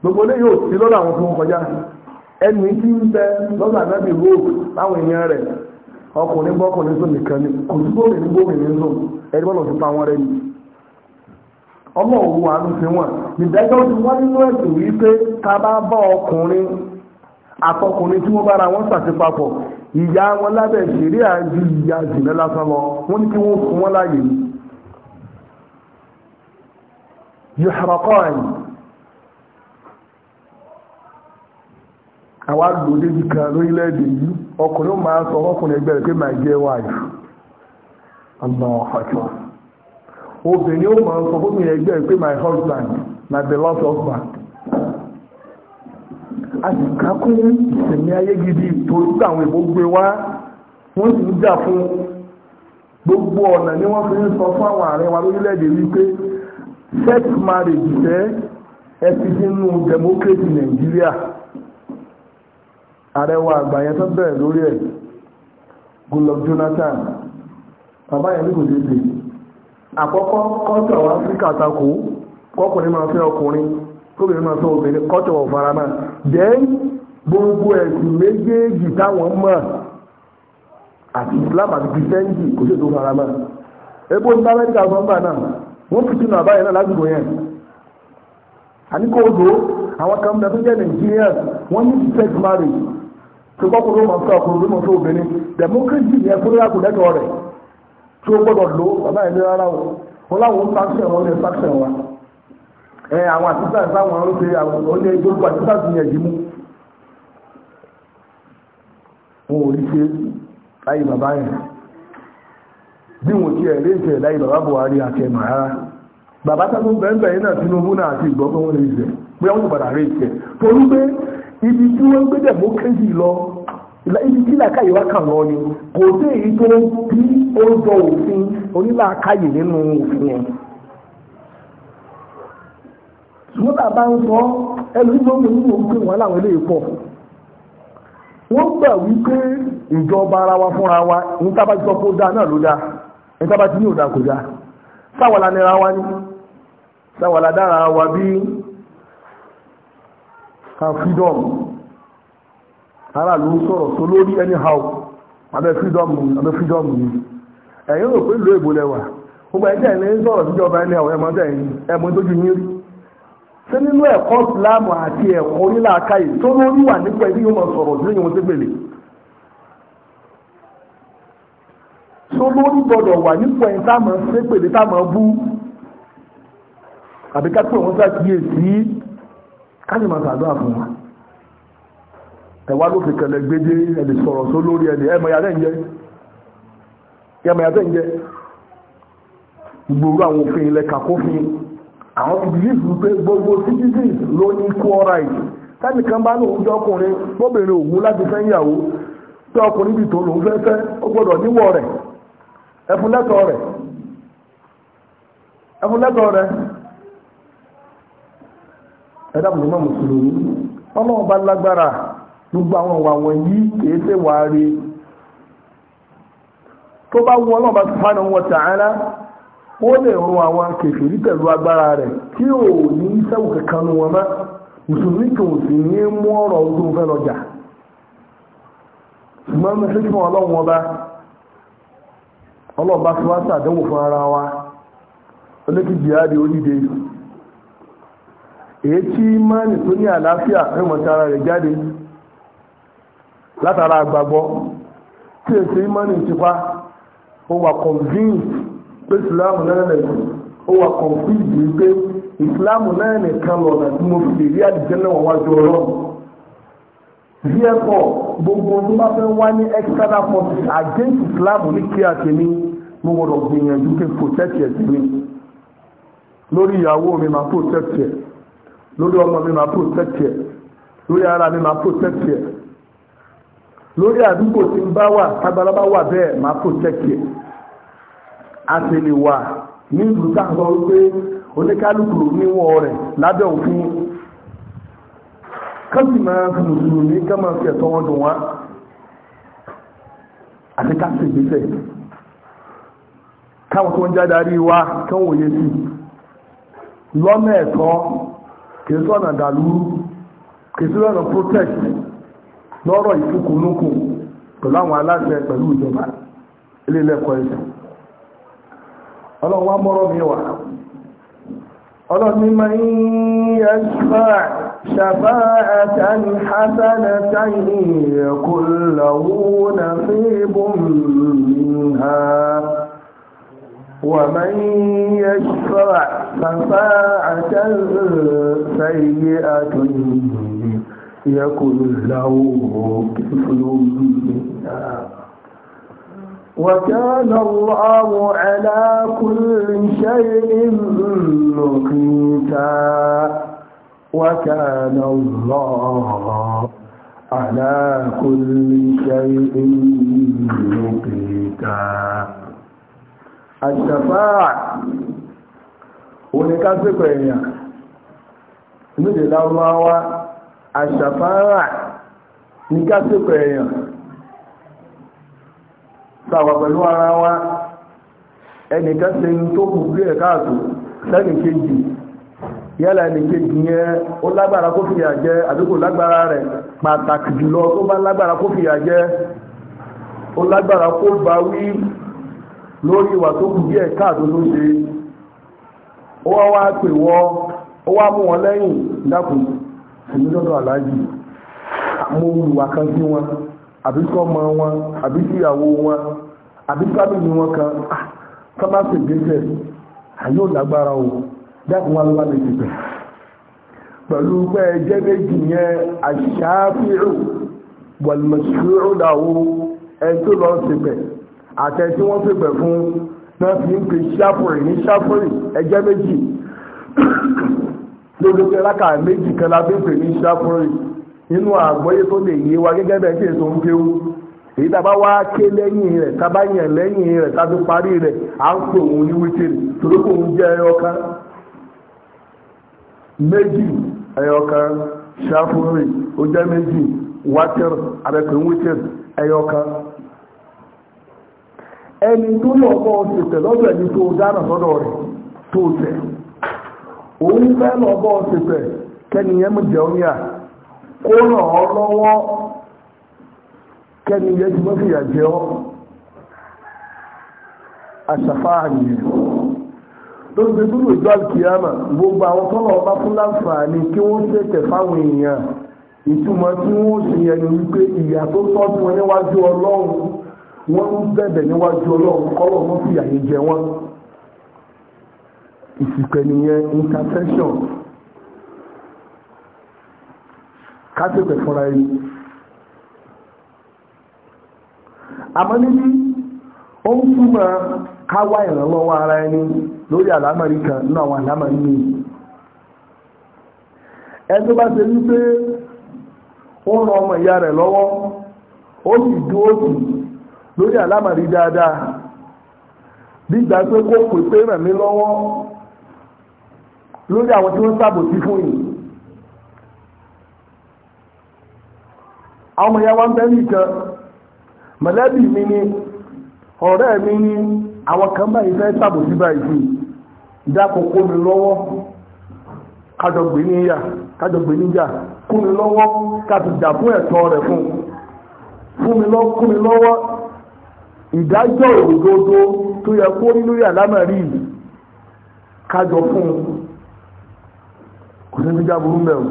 Speaker 1: gbogbo ilé yóò sí lọ́dọ̀ àwọn fún kọjá ẹnu tí ń bẹ lọ́dọ̀ àgbẹ̀bí rogue láwọn èèyàn rẹ̀ ọkùnrin bọ́kùnrin sùn nìkan ni kò sí bómi ní bómi ní sùn ẹni bọ́lọ̀ ti pa wọn rẹ̀ ni ọmọ òwú àánú fi wọn ìdájọ́ ti wá nínú ẹ̀sìn yìí pé ta bá bá ọkùnrin àtọkùnrin tí wọ́n bára wọn ṣàtìpapọ̀ ìyá wọn lábẹ́ ìṣeré àjí ìyá jìnnà lásán lọ wọ́n ní kí wọ́n fún wọn láàyè ni yuhraqan àwọn agbòdé bí kan lórílẹ̀-èdè yìí ọkùnrin máa sọ ọkùnrin ẹgbẹ́ rẹ̀ pé my dear wife aláwọ̀fàjọ́ obìnrin ó máa sọ fún ẹgbẹ́ rẹ̀ pé my husband my beloved husband a sì kákún ìsẹ̀mí ayé gidi torí àwọn èbó gbé wá wọ́n sì ń gbogbo ọ̀nà ni wọ́n fi ń sọ fún àwọn ààrẹ wa lórílẹ̀-èdè sex marriage fẹ́ ẹ ti sínú democracy Nàìjíríà ààrẹ wa àgbà yẹn tó bẹ̀rẹ̀ lórí ẹ̀ Goodluck Jonathan bàbá yẹn ní kò dédé àkọ́kọ́ culture wa Áfíríkà takò kọkùnrin máa fẹ́ ọkùnrin tóbìnrin máa fẹ́ obìnrin culture wọ̀ fara náà then gbogbo ẹ̀sìn méjèèjì táwọn mọ̀ àti Islam àti Christianity kò sí ètò fara náà ebo ní Amẹ́ríkà fọ́nbà náà wọ́n fi sínú àbáyé náà lásìkò yẹn àníkó odò àwọn kan bẹ tó jẹ́ Nàìjíríà wọ́n ní sex marriage tó gbọ́kùnrin mọ̀ fún ọkùnrin mọ̀ fún obìnrin democracy yẹn fún ìyàgò lẹ́tọ̀ọ́ rẹ̀ tí ó gbọ́dọ̀ lò bàbá yẹn lórí ara wọn wọn láwọn ń faction wọn lè faction wa ẹ àwọn àtúntà sáwọn ọ̀rọ̀ ṣe àwọn olè gbogbo àtúntà sì yẹn jì mú wọn ò rí ṣe láyé bàbá yẹn. bí wọ́n ti ẹ̀rẹ́ ìṣẹ̀ láì bàbá buhari àti ẹ̀mà bàbá sábà bẹ́ẹ̀ náà tinubu náà àti ìgbọ́ pé wọ́n lè ṣẹ̀ pé wọ́n padà rẹ̀ torí ibi tí wọ́n gbé democracy lọ ibi tí làkàyè wá kàn lọ ni kò èyí tó bí ó jọ òfin onílàkàyè nínú òfin yẹn ń sọ wípé ìjọba ara wa fúnra wa dáa náà ló nǹkan bá ti ní òdà kò já sáwàlá nira wa ní sáwàlá dára wa bí kan freedom ara ló ń sọ̀rọ̀ tó lórí anyhow abẹ́ freedom abẹ́ freedom yìí ẹ̀yin rò pé ìlú èbò lẹ́wà gbogbo ẹ̀jẹ̀ ní ń sọ̀rọ̀ síjọba ẹni àwọn ẹ̀mọ́ tẹ̀yìn ẹ̀mọ́ tó ju yín rí ṣé nínú ẹ̀kọ́ ìsìlámù àti ẹ̀kọ́ onílàákàyè tó lórí wà nípa ẹni yóò mọ̀ sọ̀rọ̀ tí olórí gbọdọ̀ wà nípò ta táàmù ṣépèlé táàmù bú àbí ká pé òun ṣàkíyèsí káyọ̀ máa ṣàdúrà fún wa ẹ̀wá ló fi kẹlẹ̀ gbédé ẹ̀lì sọ̀rọ̀ só lórí ẹ̀lì ya yàtọ̀ ń jẹ́ ẹ̀mọ̀ yàtọ̀ ń gbogbo àwọn òfin ilẹ̀ àwọn pé gbogbo citizens ló ní right kan bá lóun ọkùnrin òwú láti fẹ́ yàwó ọkùnrin lòun fẹ́ fẹ́ ó níwọ̀ ẹfun lẹ́tọ̀ọ́ rẹ̀ ẹfun lẹ́tọ̀ọ́ rẹ̀ ẹ̀dá mùsùlùmí mùsùlùmí ọlọ́run bá lágbára gbogbo àwọn ìwà kìí wà rí tó bá wù ọlọ́run bá subhanahu wa ta'ala ó lè run àwọn kèfèrí pẹ̀lú agbára rẹ̀ tí ò ní sẹ́wù kankan wọn mọ́ mùsùlùmí kò sì ní mú ọ̀rọ̀ ọdún fẹ́ lọ́jà ṣùgbọ́n fún ọlọ́run ọba ọlọ́ọ̀bá tí wá sàdánwò fún ara wa olékí jihadi oríde èyí tí mánì tó ní àlàáfíà rẹ̀mọ̀tí ara rẹ̀ jáde látara àgbàgbọ́ tí èsì mánì tipa ó wà convinced pé ìsìláàmù náà nìkan ó wà confused ìsìláàmù náà nìkan lọ́nà tí mo fi lè rí àdìjẹ́ náà wájú ọlọ́run gbogbo bá mo wọ̀rọ̀ gbìyànjú kí n protect ẹ̀ sí mi lórí ìyàwó mi ma protect ẹ̀ lórí ọmọ mi ma protect ẹ̀ lórí ara mi máa protect ẹ̀ lórí àdúgbò tí ń wà wà bẹ́ẹ̀ protect ẹ̀ a wà ní ìlú táwọn sọ wípé oníkálukú níwọ̀n rẹ̀ lábẹ́ òfin kọ́sì máa fi mùsùlùmí kọ́ ẹ̀tọ́ wọn àti ká sì káwọn tó ń jádarí wa kán wòye sí lọ́nà ẹ̀tọ́ kìí sọ̀nà dàlúrú kìí sí lọ́nà protest lọ́rọ̀ ìfúkúnúkù pẹ̀lú àwọn aláṣẹ pẹ̀lú ìjọba ilé ẹ̀kọ́ ẹ̀sìn ọlọ́run wá mọ́rọ̀ mi wà ọlọ́ni ma ń yẹ lọ́wọ́ fíbùn ha ومن يشفع شفاعة سيئة يكن له كفل منها وكان الله على كل شيء مقيتا وكان الله على كل شيء مقيتا àṣàfáà oníkásíkọ̀ èèyàn nílè láwáwá àṣàfáà ní èèyàn sàwà pẹ̀lú ara wa ẹnìkan ṣe ń tó kù bí ẹ̀ká àtò lẹ́nì kejì yálà ẹnì kejì yẹn ó lágbára kó fìyà jẹ àdúgbò lágbára rẹ̀ pàtàkì jùlọ tó bá lágbára kó fìyà jẹ ó lágbára kó bá wí lórí ìwà tó kù díẹ̀ káàdó ló ṣe ó wá wá pè wọ́ ó lẹ́yìn dákùn aláàjì kan sí wọn àbí wọn àbí wọn àbí sábìlì wọn kan sábà ah, gbèsè àyè lágbára o dákùn wọn lè pẹ̀lú pé ẹjẹ́ méjì yẹn àtẹ tí wọ́n pèpè fún náà fi ń pe ṣáfùrì ní ṣáfùrì ẹjẹ́ méjì lódodo lákà méjì kan la fi ń pè ní ṣáfùrì nínú àgbọ́yé tó lè yé wa gẹ́gẹ́ bẹ́ẹ̀ tí èso ń kéwú èyí tá a bá wá ké lẹ́yìn rẹ̀ tá a bá yàn lẹ́yìn rẹ̀ tá parí rẹ̀ à ń pè òun ní wítìrì torí kò ń jẹ́ ẹyọkan méjì ẹyọkan ṣáfùrì ó jẹ́ méjì wátìrì àbẹ̀pẹ̀ wítìrì ẹyọkan ẹni tó lọ bọ́ ṣètẹ̀ lọ́dọ̀ ẹni tó dáná sọ́dọ̀ rẹ̀ tó tẹ̀ òun fẹ́ lọ bọ́ ṣètẹ̀ kẹ́niyẹn mú jẹun yà kó ràn lọ́wọ́ ọ́ ìjọ gbogbo àwọn ọba fún láǹfààní kí wọ́n fáwọn èèyàn ìtumọ̀ tí wọ́n ṣe wípé wọn ń bẹ̀bẹ̀ níwájú ọlọ́run kọ́lọ̀ wọ́n fìyà yìí jẹ wọn. ìsìnkẹ́ nìyẹn intercession kátẹ́pẹ̀ fúnra ẹni àmọ́ níbi ó ń túmọ̀ káwá ìrànlọ́wọ́ ara ẹni lórí àlámọ̀rí kan náà àwọn àlámọ̀rí mi ẹni bá ṣe wípé ó ran ọmọ ìyá rẹ̀ lọ́wọ́ ó sì dúró lórí àlámàrí dáadáa gbígbà pé kó pè pé ràn mí lọ́wọ́ lórí àwọn tí wọ́n ṣàbòsí fún yìí àwọn ọmọ ìyá wa ń bẹ́ nìkan mọ̀lẹ́bí mi ni ọ̀rẹ́ mi ni àwọn kan báyìí fẹ́ ṣàbòsí báyìí fún ìdákòókò mi lọ́wọ́ kájọ gbé níyà kájọ gbé níjà kún mi lọ́wọ́ kájọ jà fún ẹ̀tọ́ rẹ̀ fún fún mi lọ́wọ́ ìdájọ́ òdodo tó yẹ kó rí lórí àlámọ̀rí yìí kájọ fún un kò sí níjà burú mẹ́ o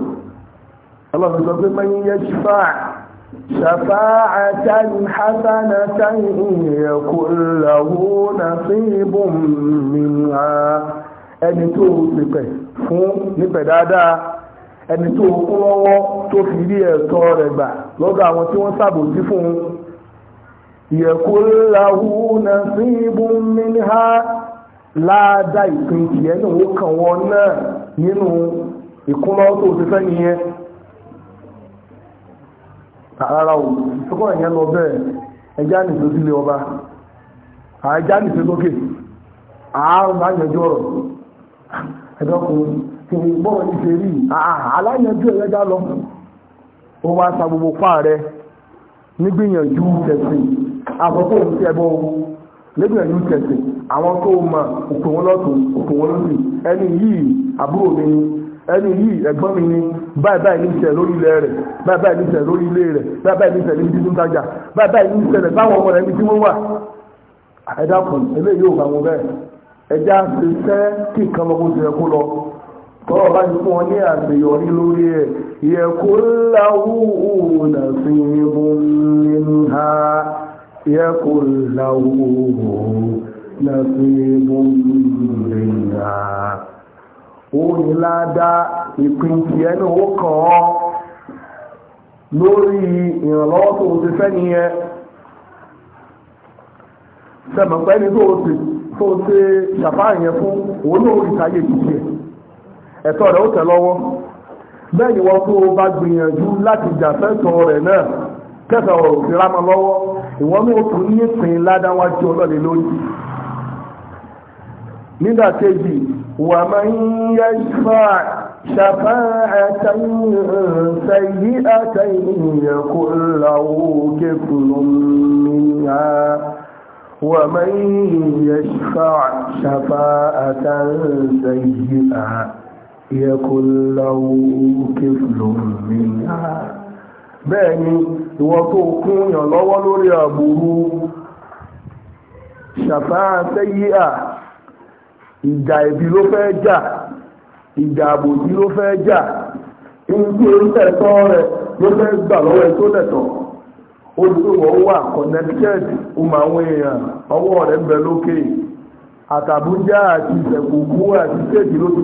Speaker 1: ọlọ́run sọ pé mẹ́yìn yẹ ṣífà ṣàfà àtàní hasana táyì ìyẹ̀kọ́ ìràwó na sí ibùn mìíràn ẹni tó nípẹ̀ fún nípẹ̀ dáadáa ẹni tó kún lọ́wọ́ tó fi rí ẹ̀tọ́ rẹ̀ gbà lọ́dọ̀ àwọn tí wọ́n ṣàbòsí fún un yẹ̀kún láhú na sí ibú mímíhá láàdá ìpín ìyẹ́ náà ó kàn náà nínú ìkúnlọ́ tó ti fẹ́ nìyẹn rárá o ìfẹ́kọ́ ìyẹn lọ bẹ́ẹ̀ ẹjá nìfẹ́ sílé ọba àjá nìfẹ́ lókè àárùn àkọ́kọ́ òun tẹ́ bọ́ ohun lẹ́gbẹ̀ẹ́ ẹ̀yìn tẹ̀sìn àwọn tó mọ òkú wọn lọ́tún òkú wọn lọ́sì ẹni yìí àbúrò mi ni ẹni yìí ẹ̀gbọ́n mi ni báyìí báyìí ní ìṣẹ̀ lórí ilẹ̀ rẹ̀ báyìí báyìí ní ìṣẹ̀ lórí ilé rẹ̀ báyìí báyìí ní ìṣẹ̀ níbi títún tajà báyìí báyìí ní ìṣẹ̀lẹ̀ báwọn ọmọ rẹ̀ níbi tí wọ́n wà. ẹ dákun eléyìí ò bá wọn bẹ́ẹ̀ ẹja ṣe fẹ́ kí nǹkan lọ́wọ́ ti ẹkú lọ tọ́rọ bá ti fún wọn ní àṣeyọrí lórí ẹ̀ yẹ kó láwùú nà sí ibùn nínú ha. يكن له نصيب منا òun láàdá ìpínfì ẹnu ó kàn ọ́ lórí ìrànlọ́wọ́ tó ti fẹ́ nìyẹn sẹ̀mọ̀pẹ́ni tó ti ṣàfáà yẹn fún òun náà ìtayé títí ẹ̀ ẹ̀tọ́ rẹ̀ ó tẹ̀ lọ́wọ́ bẹ́ẹ̀ ni wọ́n tó bá gbìyànjú láti jà fẹ́tọ̀ọ́ rẹ̀ náà kẹsàn ọ̀rọ̀ òfin rámọ lọ́wọ́ ìwọ́n ní oṣù ní ìpín ládáwájú ọlọ́lẹ̀ lórí nígbà kejì wà máa ń yẹ ìfà ṣàfà àtàyìn ìyẹ̀kọ́ ìlàwó kéfùrù mìíràn wà máa ń yẹ ìfà ṣàfà àtàyìn ìlàwó kéfùrù mìíràn bẹ́ẹ̀ ni ìwọ tó kún yàn lọ́wọ́ lórí àbúrú ṣàfáà ìjà ìbí ló fẹ́ jà ìjà àbòjí ló fẹ́ jà ìgbé ẹ̀tọ́ rẹ̀ ló fẹ́ gbà lọ́wọ́ tó lẹ̀tọ̀ olùdókòwò wà connected ọmọ àwọn èèyàn ọwọ́ rẹ̀ ń lókè àtàbújá àti ìṣẹ̀kùkú àti séèjì ló ti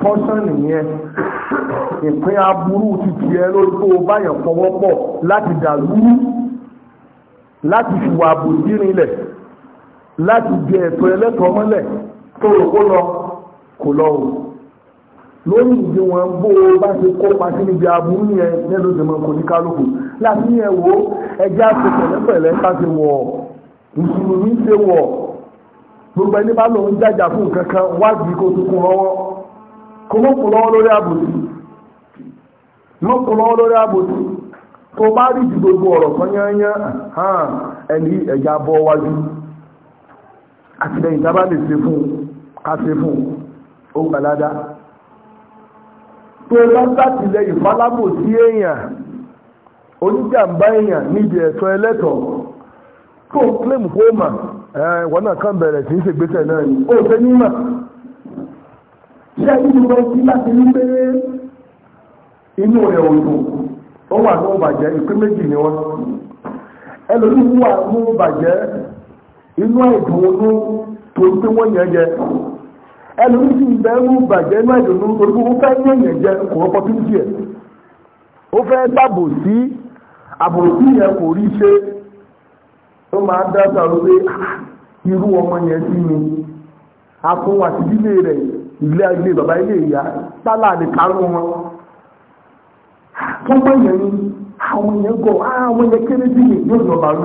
Speaker 1: pọ́sán nìyẹn ìpín aburú ti tiẹ̀ lórí tó o báyàn fọwọ́pọ̀ láti dàlúrú láti fìwà àbòsí rinlẹ̀ láti jẹ ẹ̀tọ́ ẹlẹ́tọ̀ọ́ mọ́lẹ̀ tó rò kó lọ kò lọ o lórí ìdí wọn bó o bá ṣe kópa sí níbi aburú yẹn nílùú ìdìmọ̀ kò ní kálukú láti yẹn wo ẹjẹ́ àti pẹ̀lẹ́pẹ̀lẹ́ ká ti wọ̀ mùsùlùmí ṣe wọ̀ gbogbo ẹni bá lòun jájà fún nǹkan kan wádìí kò mọ́ kò àbòsí mọ́ kò àbòsí bá rí gbogbo ọ̀rọ̀ kan ha hàn ẹni ẹja bọ́ wájú àtìlẹyìn lè ṣe fún ká fún ó tó bá falábòsí èèyàn oníjàmbá èèyàn níbi ẹlẹ́tọ̀ tó ṣé ẹni tí wọ́n ti láti ní pé inú rẹ̀ òdò ó wà ní òbàjẹ́ ìpé méjì ni wọ́n ẹlòmí wà ní òbàjẹ́ inú ẹ̀dùnú tó ń pé wọ́n yẹn jẹ ẹlòmí sì ń bẹ́ ń bàjẹ́ inú ẹ̀dùnú tó ń pé wọ́n fẹ́ yẹn yẹn jẹ kò rọ́pọ̀ tó ń jẹ ó fẹ́ gbàbò sí àbòsí yẹn kò rí ṣe ó máa dáta ló pé ah, irú ọmọ yẹn sí mi a fún àtìdílé rẹ̀ ilé ilé bàbá ilé ìyá tálà ní wọn wọ́n gbọ́n yẹn ní àwọn èèyàn gọ̀ ah, àwọn èèyàn kéré bí yìí yóò lọ́ọ́ bàrú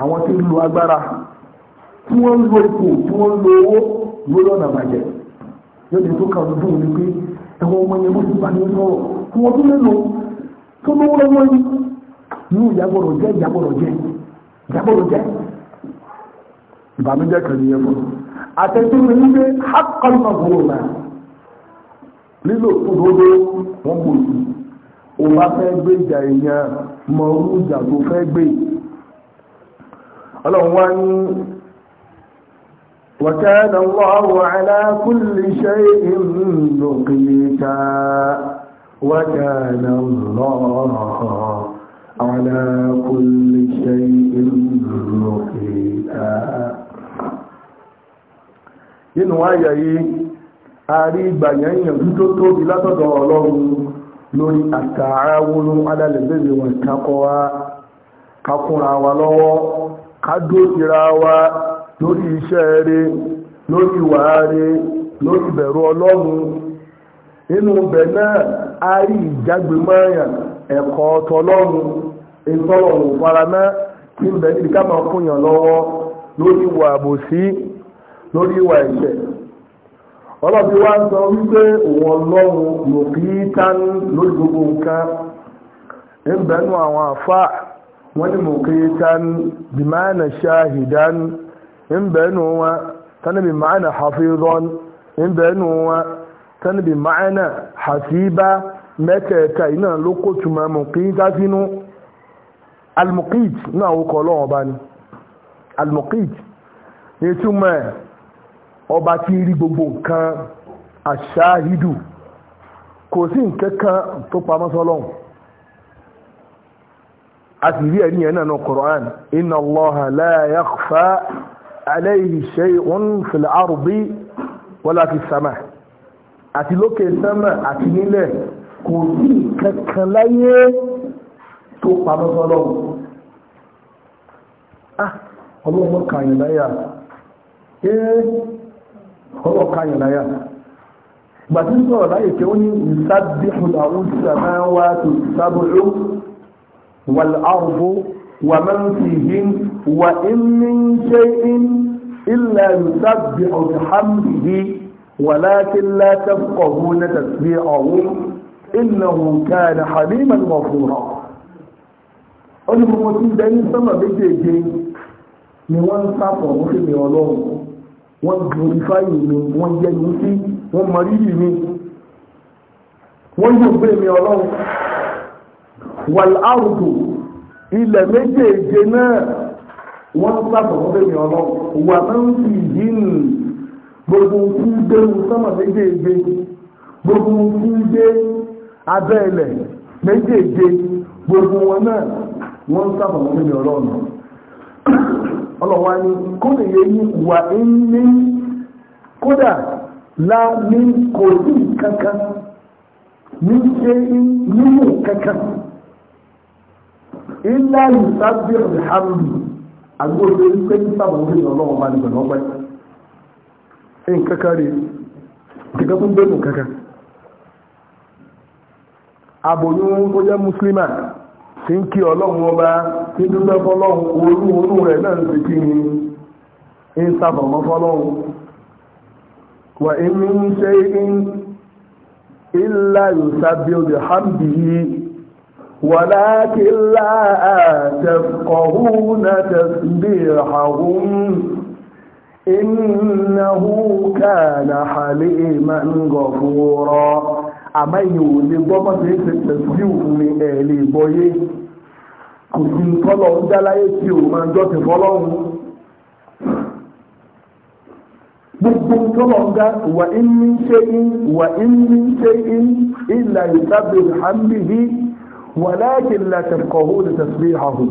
Speaker 1: àwọn tí ń lo agbára tí wọ́n ń lo tí wọ́n ń lo owó ló lọ́nà yóò tó kà dùn ní pé ọmọ yẹn ti bá ní tún lè tó lówó yìí àtẹ̀tún mi wípé hákọ́nà gbòòrò náà lílò òdodo wọn kò sí òun bá fẹ́ gbé ìjà èèyàn mọ orú ìjà tó fẹ́ gbé ọlọ́run wá ní وكان الله على كل شيء مقيتا وكان الله على كل شيء مقيتا nínú àyà yìí a rí gbàyànyàn tó tóbi látọ̀dọ̀ ọlọ́run lórí àtàràwọnú adálẹ̀bẹ̀rẹ̀ wọn takọwa kakúnra wa lọ́wọ́ kádókìra wa lórí iṣẹ́ rẹ̀ lórí ìwà rẹ̀ lórí ìbẹ̀rù ọlọ́run nínú ibẹ̀ náà a rí ẹ̀kọ́ ká máa lọ́wọ́ lórí ìwà àbòsí lórí ìwà ẹ̀ṣẹ̀ ọlọ́bí wá ń sọ wípé òun ọlọ́run mòkí tánú lórí gbogbo nǹkan ìbẹ̀nú àwọn àfá wọ́n ní mòkí tánú bìmáànà ṣáhìdán ìbẹ̀nú wọn tánú bìmáànà hafizan ìbẹ̀nú wọn tánú bìmáànà hasiba mẹ́tẹ̀ẹ̀ta iná ló kó túnmọ̀ mòkí tásínú almukit náà ó kọ́ ọlọ́run ọba ni almukit ní túnmọ̀ ẹ̀ ọba tí rí gbogbo nǹkan àṣáhídù kò sí nǹkan kan tó pamọ́ sọ́lọ́hun a sì rí ẹ̀rí yẹn náà Qur'an inna Allaha la yakhfa alayhi shay'un fil ardi wala fis sama àti lókè sánmà àti nílẹ̀ kò sí nǹkan kan láyé tó pamọ́ sọ́lọ́hun ah kàyìn láyà ẹ́ ọlọ́ káyàn láyà gbàtí ń sọ̀rọ̀ láyè pé ó ní ìsábíhù àwọn sàmáwá tó sábòrò wàl'áwọ̀ wà máa ń fi hìn wà ní ṣe in ilẹ̀ ìsábíhù hàmìhì ولكن لا تفقهون تسبيحهم إنه كان حليما غفورا ó ní gbogbo tí ń bẹ ní sánmà méjèèjì ni wọ́n ń sáfọ̀ òun fi mi ọlọ́run wọ́n glorifáyì mi wọ́n jẹ́ mi sí wọ́n mọ rírì mi wọ́n yóò gbé mi ọlọ́run wàláàrùdù ilẹ̀ méjèèjì náà wọ́n sábà wọ́n gbé mi ọlọ́run wà máa ń fi ìdí nù gbogbo tí ń dé sọ́mọ̀ méjèèjì gbogbo tí ń dé abẹ́ ilẹ̀ méjèèjì gbogbo wọn náà wọ́n sábà wọ́n gbé mi ọlọ́run. ọlọ́wọ́ ni kó lè yẹ yí wà ní kódà láàmì kò ní kankan ní ṣe nínú kankan ilá ìsábí ìhàmì agbóòdó wípé ní sábà orí ọlọ́wọ́ bá ní pẹ̀lú ọgbẹ́ ẹ̀yìn kankan rí tó ń kankan tó jẹ́ tí ń kí ọlọ́run ọba tí ń dúpẹ́ fọlọ́run olú olú rẹ̀ náà ń ti kí ni ń sábàmọ́ fọlọ́run wà ní ṣe ń ilá ìsàbí bihamdihi walakin la tafqahuna tasbihahum innahu kana haliman àmọ́ ìyẹn ò lè gbọ́ mọ́ sí ṣe pẹ̀lú òun ẹ̀ lè bọyé kò sí tọ́lọ̀ ń dá láyé tí ò máa jọ́ ti fọ́lọ́run gbogbo tọ́lọ̀ ń dá wà ní ṣe in wà ní ṣe in ìlà ìsábẹ̀ hàmbìhì wà láàkì látẹ̀kọ̀ọ́ lè tẹ̀sí àhùn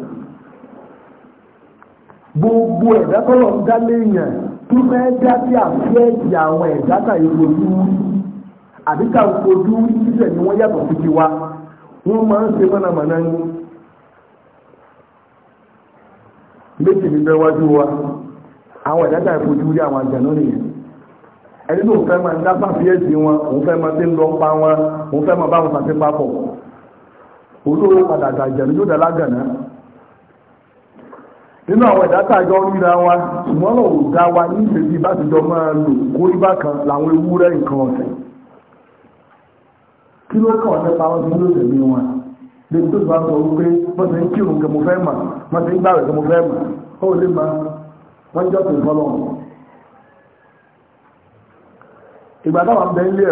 Speaker 1: gbogbo ẹ̀dá tọ́lọ̀ ń dá léèyàn tó fẹ́ dá sí àfẹ́ẹ̀tì àwọn ẹ̀dá tàyè fojú fojú ni wọ́n yàtọ̀ sí wọ́n máa ń wa àwọn ẹ̀dá fojú rí àwọn nìyẹn ẹni tó fẹ́ máa ń dá wọn òun fẹ́ máa ń lọ pa wọn òun fẹ́ máa bá nínú àwọn ìdáta àjọ ríra wa ṣùgbọ́n náà ò dá wa ní ìṣèjì ìbátijọ́ máa lò kó rí bákan làwọn ewúrẹ́ nǹkan ọ̀sẹ̀ kí ló kàn nípa wọn sí lóṣè ní wọn lèmi tó bá sọ wípé wọ́n ti ń kírun kẹ mo fẹ́ mà wọ́n ti ń gbàwẹ̀ kẹ mo fẹ́ mà ó ma wọ́n fọ́lọ́ ìgbà táwọn ilé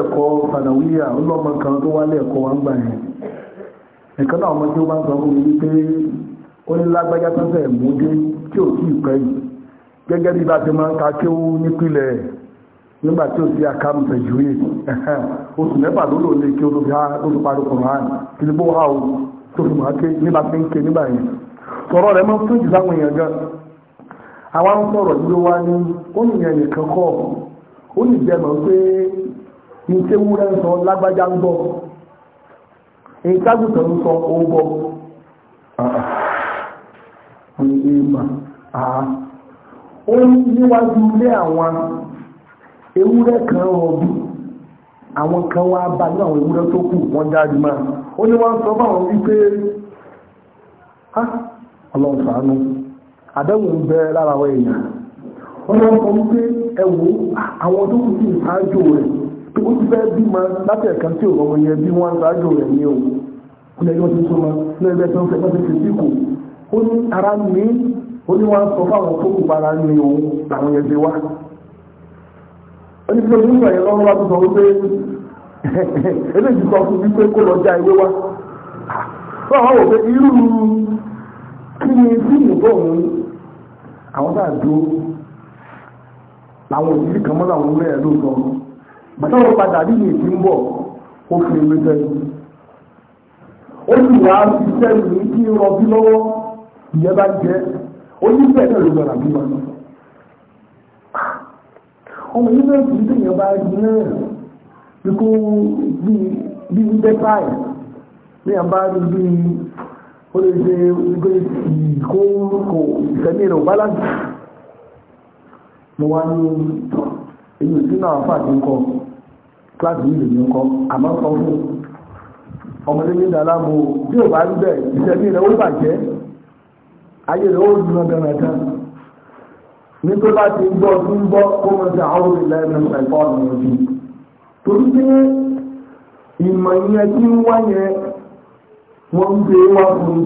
Speaker 1: kan tó ó ní lágbájá tó fẹ́ mú dé tí ò sí ìkẹyìn gẹ́gẹ́ bí bá ti máa ń ka kí ó nípìnlẹ̀ nígbà tí ó sí àkàmù tẹ̀júwé oṣù mẹ́fà ló lò lè kí ó ló parí kùnrán kí ni bó wà ó tó fi máa ké nígbà tí ń ké nígbà yẹn sọ̀rọ̀ rẹ̀ máa ń fún ìjìláwọn èèyàn gan àwọn ń sọ̀rọ̀ ló wá ní ó nìkan kọ́ ó ní jẹ́ pé ní tí ewúrẹ́ ń sọ lágbájá ń bọ̀ ní tágùtàn ń sọ ó bọ̀ ìmà àá ó níwájú ilé àwọn ewúrẹ́ kan rọ̀bù àwọn kan wá bá ní àwọn ewúrẹ́ tó kù wọ́n jáde máa ó ní wọ́n sọ fáwọn wípé á ọlọ́run ṣàánú àdẹ́wò ń bẹ lára àwọn èèyàn wọ́n lọ sọ wípé ẹ̀wò àwọn tó kù sí ìṣáájú rẹ̀ tó ó ti fẹ́ bímọ láti ẹ̀kan tí ò rọrùn yẹn bí wọ́n ṣáájú rẹ̀ ní o ilẹ̀ yóò ti súnmọ́ ní ẹgbẹ́ tó ń ó ní ara ní ó ní wọ́n sọ fáwọn tó kù para ní òun làwọn yẹn ti wá oníṣẹ́ onígbà yẹn lọ́wọ́ wá sọ wípé eléyìí sọ fún wípé kó lọ já ewé wá wò pé irú kí ni fíìmù tó ń àwọn tá a dúró làwọn òṣìṣẹ́ kan mọ́ làwọn mẹ́rẹ̀ ló sọ bàtà wọn padà bí yìí ti ń bọ̀ ó fi ewé sẹ́yìn ó sì wá ṣiṣẹ́ yìí kí ìyẹn bá jẹ́ onífẹ́ náà ló gbọ́dọ̀ bí wọn. ọmọ yìí náà kìí tèèyàn bá rí náà bí kò bí ń bẹ́ báyìí ní àbá rí bí ó lè ṣe gbé ìkó kò ìfẹ́mi rẹ̀ báláǹsì. mo wá ní èyí ò sínú àwọn fàájì ń kọ kíláàsì yìí lèmi ń kọ àmọ́ sọ fún ọmọdé ní ìdáláàmú bí ò bá rí bẹ́ẹ̀ ìfẹ́mi rẹ̀ ó bàjẹ́. ayé rẹ̀ ó dùnà gànàgàn ní bá ti ń gbọ́ tó ń gbọ́ kó mọ̀ sí àwọn olùlẹ̀ ẹ̀mí ẹ̀kọ́ ọ̀nà òjì torí pé ìmọ̀ tí ń ń gbé wá fún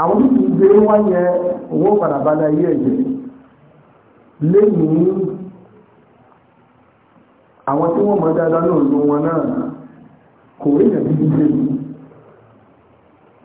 Speaker 1: àwọn gbé ayé ẹ̀jẹ̀ lẹ́yìn àwọn tí wọ́n mọ̀ dáadáa wọn náà kò rí ṣe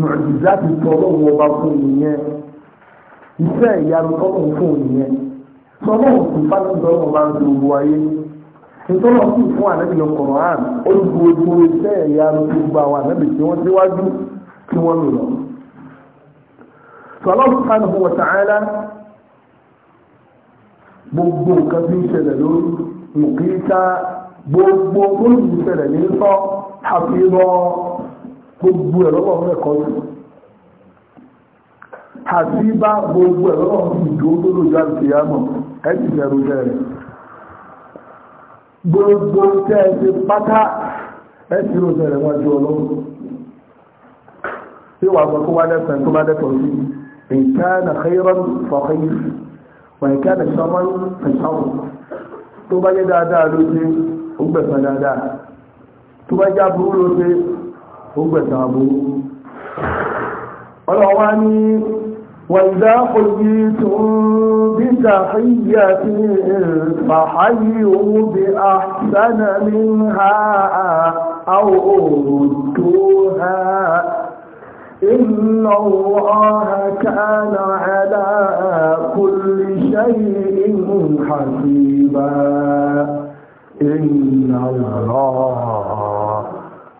Speaker 1: mọ̀jìdá ti tọ́ ọlọ́run ọba fún ìyẹn iṣẹ́ ìyanu tọ́lọ́run fún ìyẹn tọ́lọ́run sì fásitì tọ́lọ́run bá ń do owó ayé nítorí wọn sì fún ànábì lọ kọ̀ọ̀rọ̀ hàn ó ju ojú iṣẹ́ ìyanu tó gba àwọn ànábì tí wọ́n déwájú kí wọ́n lò lọ. tọ́lọ́run subhanahu wa ta'ala gbogbo nǹkan tí ń ṣẹlẹ̀ lórí nǹkan gbogbo tó gbogbo ẹ̀rọ ọ̀rọ̀ ẹ̀kọ́ sí àti bá gbogbo ẹ̀rọ ọ̀rọ̀ ìdó tó lójú àti àmọ̀ ẹ̀sì ẹ̀rù jẹ́rẹ̀ gbogbo tẹ́ẹ̀sì pátá ẹ̀sì ló jẹ́rẹ̀ wọ́n jù ọlọ́run tí wà sọ kó wá lẹ́sẹ̀ tó bá lẹ́tọ̀ sí ìkẹ́ẹ̀nà khayran fọ̀kẹ́yì wà ìkẹ́ẹ̀nà sọmọ́n fẹ̀sọ́rùn tó bá yẹ dáadáa ló ṣe ó gbẹ̀sán dáadáa tó bá yá burú ló ṣe ó gbẹ̀sán aburú ọlọ́wà ní wàìdá òjì tún bí tàfíyà sí fàáyí owó bí a sánà ní ha àwòrán tó ha إن الله كان على كل شيء حسيبا إن الله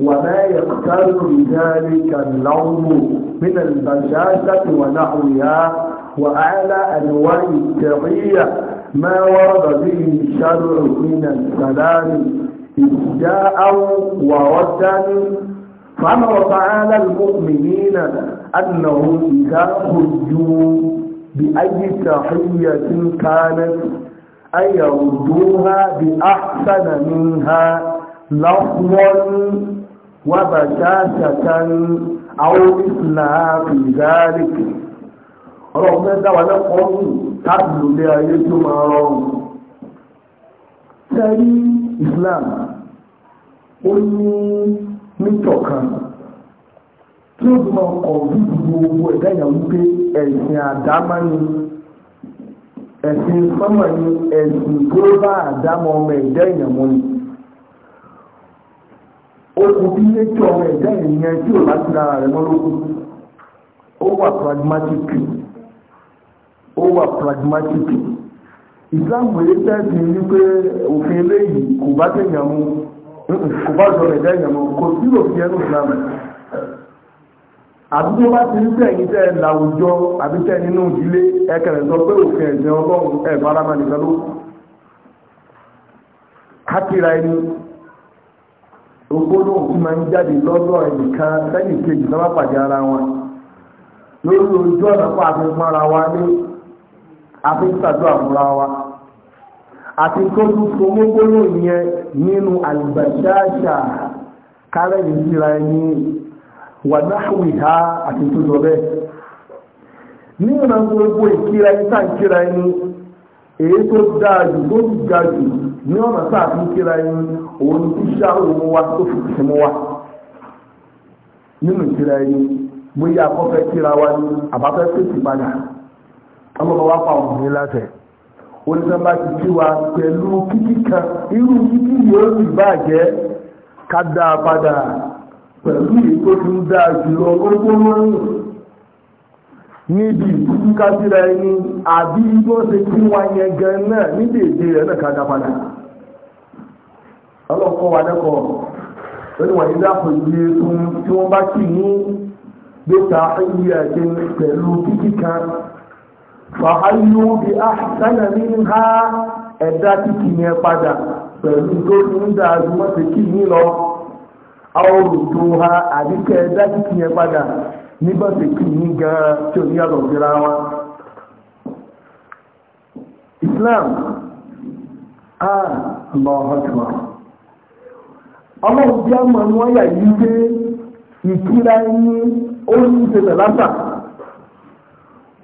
Speaker 1: وما يقترب بذلك اللوم من البشاشة ونحوها وأعلى أنواع التغية ما ورد به الشرع من السلام إسجاء وردا فأمر تعالى المؤمنين أنهم إذا خرجوا بأي تحية كانت أن يردوها بأحسن منها لفظا wàbàṣáṣàṣà àwọn ìsìláàmù ìdáríkì ọ̀rọ̀ mẹ́ta wà lẹ́kọ̀ọ́ mú láti lòlẹ́ ayé tó máa rọrùn tẹ́rí Islam ó ní mítọ̀ kan tí ó máa kọ̀ bíbi gbogbo ẹ̀dá ìyàwó pé ẹ̀sìn àdámá ni ẹ̀sìn sọ́mọ̀ ni ẹ̀sìn tó àdámọ́ ọmọ ẹ̀dá ìyàwó ni ó kú bí létí ọmọ ẹ̀dá ènìyàn tí ò bá ti dára rẹ̀ mọ́lókù ó wà pragmatic ó wà pragmatic islam wèé tẹ́sí ní pé òfin eléyìí kò bá tẹ̀yàn mu kò bá sọ̀rọ̀ ẹ̀dá ènìyàn mu kò sí òfin ẹnu islam àdúgbò bá ti ń tẹ̀yìn tẹ́ làwùjọ àbí tẹ́ nínú ìdílé ẹ̀kẹ̀rẹ̀ sọ pé òfin ẹ̀sìn ọlọ́run ẹ̀ faramá ló kátìra ẹni ògbóná òkú máa ń jáde lọ́dọ̀ ẹnìkan lẹ́yìn kejì lọ́wọ́ pàdé ara wọn lórí ojú ọ̀nà fún àfihàn ara wa ní àfihàn àfúnra wa àti tó tún so gbógbóná yẹn nínú àlùbàṣáṣà kárẹ́yìn síra ẹni wàdáhùn ìhá àti tó jọ bẹ́ẹ̀ ní ìran gbogbo ìkíra ẹni tá ìkíra ẹni èyí tó dáa jù tó ga jù ní ọ̀nà tá a fi ń kíra yín òun ni kí ṣáàrù mú wa tó fi kìí mú wa nínú kíra yín mo yí akọ́fẹ́ kíra wa ní àbáfẹ́ fèsì padà ọlọ́mọ wa pa òun ní láṣẹ oníṣẹ́mbà ti kí wa pẹ̀lú kíkí kan irú kíkí yóò sì bàjẹ́ ká dá a padà pẹ̀lú ètò tó ń dá a jùlọ gbogbo níbi ìtúkásíra ẹni àbí igbó ṣe kí wa yẹn gan náà níbi èdè rẹ̀ náà ká dá padà. ọlọ́kọ́ wa lẹ́kọ̀ọ́ lórí wọ̀nyí dákọ̀ yìí tí wọ́n bá kì ní gbéta ayé ẹ̀jẹ̀ pẹ̀lú kan fàáyú bí ahsana minha ẹ̀dá kíkì yẹn padà pẹ̀lú tó ń dà àdúmọ̀tẹ̀ kì ní lọ ha àdíkẹ́ ẹ̀dá kíkì padà kì ní gan Islam ah, ọlọ́run bí ọmọ ni wọ́n yà yí pé ìtura ẹni ó ní ṣe pẹ̀láṣà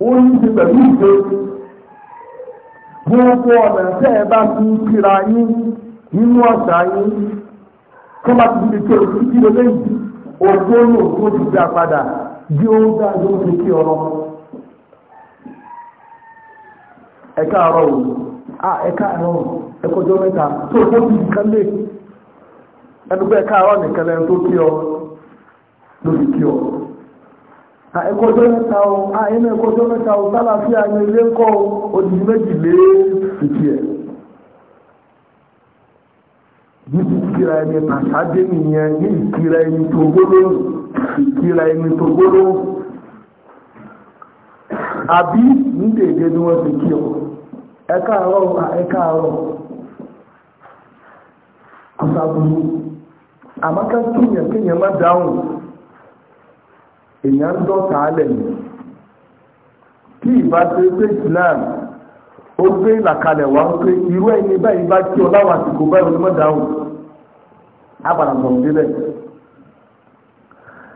Speaker 1: ó ní ṣe pẹ̀lú ìṣe gbogbo ọ̀nà tẹ́ ẹ bá fi kíra yín nínú ọ̀sà yín tó bá ti fi tó ti gbà padà bí ó ń dá ló ẹnugbẹ́ káàrọ̀ nìkan tó kí ọ lórí kí ọ ẹkọjọ́ mẹ́ta a ẹnu ẹkọjọ́ mẹ́ta ilé ń kọ́ méjì lé ìtì ẹ̀ ní ìkíra ẹni pàṣádé nìyẹn ní ìkíra ẹni tó gbóló ìkíra ẹni tó gbóló àbí ní dèdè ni ti kí ọ ẹ àmọ́ ká túnyàn kéèyàn má dáhùn èèyàn ń dọ́ta alẹ̀ ni kí ìbá ṣe pé Islam ó gbé ìlàkalẹ̀ wá ń pé irú ẹni báyìí bá tí ọ láwọn àsìkò báyìí ló má dáhùn abàlà sọ̀rọ̀ délẹ̀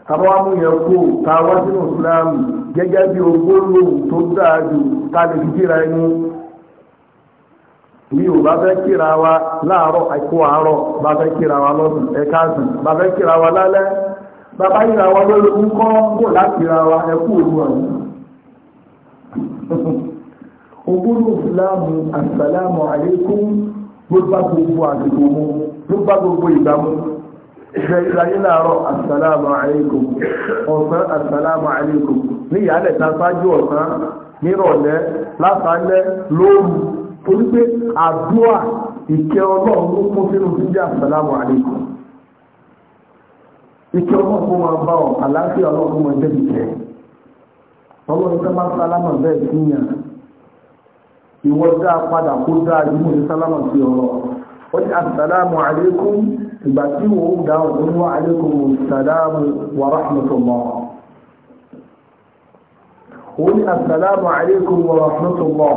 Speaker 1: tàbá wá mú yẹn kó ta wá sínú Islam gẹ́gẹ́ bí ogbólóhùn tó dáa ju ta lè fi jíra ẹni mi ò bá fẹ́ kíra wa láàárọ̀ àìkú àárọ̀ bá fẹ́ kíra wa lọ́sùn ẹ̀ka sùn bá fẹ́ kíra wa lálẹ́ bàbá yíra wa lórí ńkọ́ kò láti ra wa ẹkú òru àná. ogúnlù fúlàmù àsàlámù àlékún ló bá gbogbo àdìgbò mu ló bá gbogbo ìgbà mu ìfẹ́ ìlàyé láàárọ̀ àsàlámù àlékún ọ̀sán àsàlámù àlékún ní ìyálẹ̀ tá ọ̀sán nírọ̀lẹ́ lásàálẹ̀ lóru torí pé àdúrà ìkẹ́ ọlọ́run ló kún sínú fídí àsàlámù àlékún ìkẹ́ ọlọ́run kó máa bá ọ àlàáfíà ọlọ́run máa jẹ́ ìkẹ́ ọlọ́run tó máa sálámà bẹ́ẹ̀ sí yàn ìwọ dáa padà kó dáa yìí ní sálámà sí ọlọ́ ó ní àsàlámù àlékún ìgbà tí wò ó dáa òun wá àlékún sàlámù wà rahmatullah ó ní àsàlámù àlékún wà rahmatullah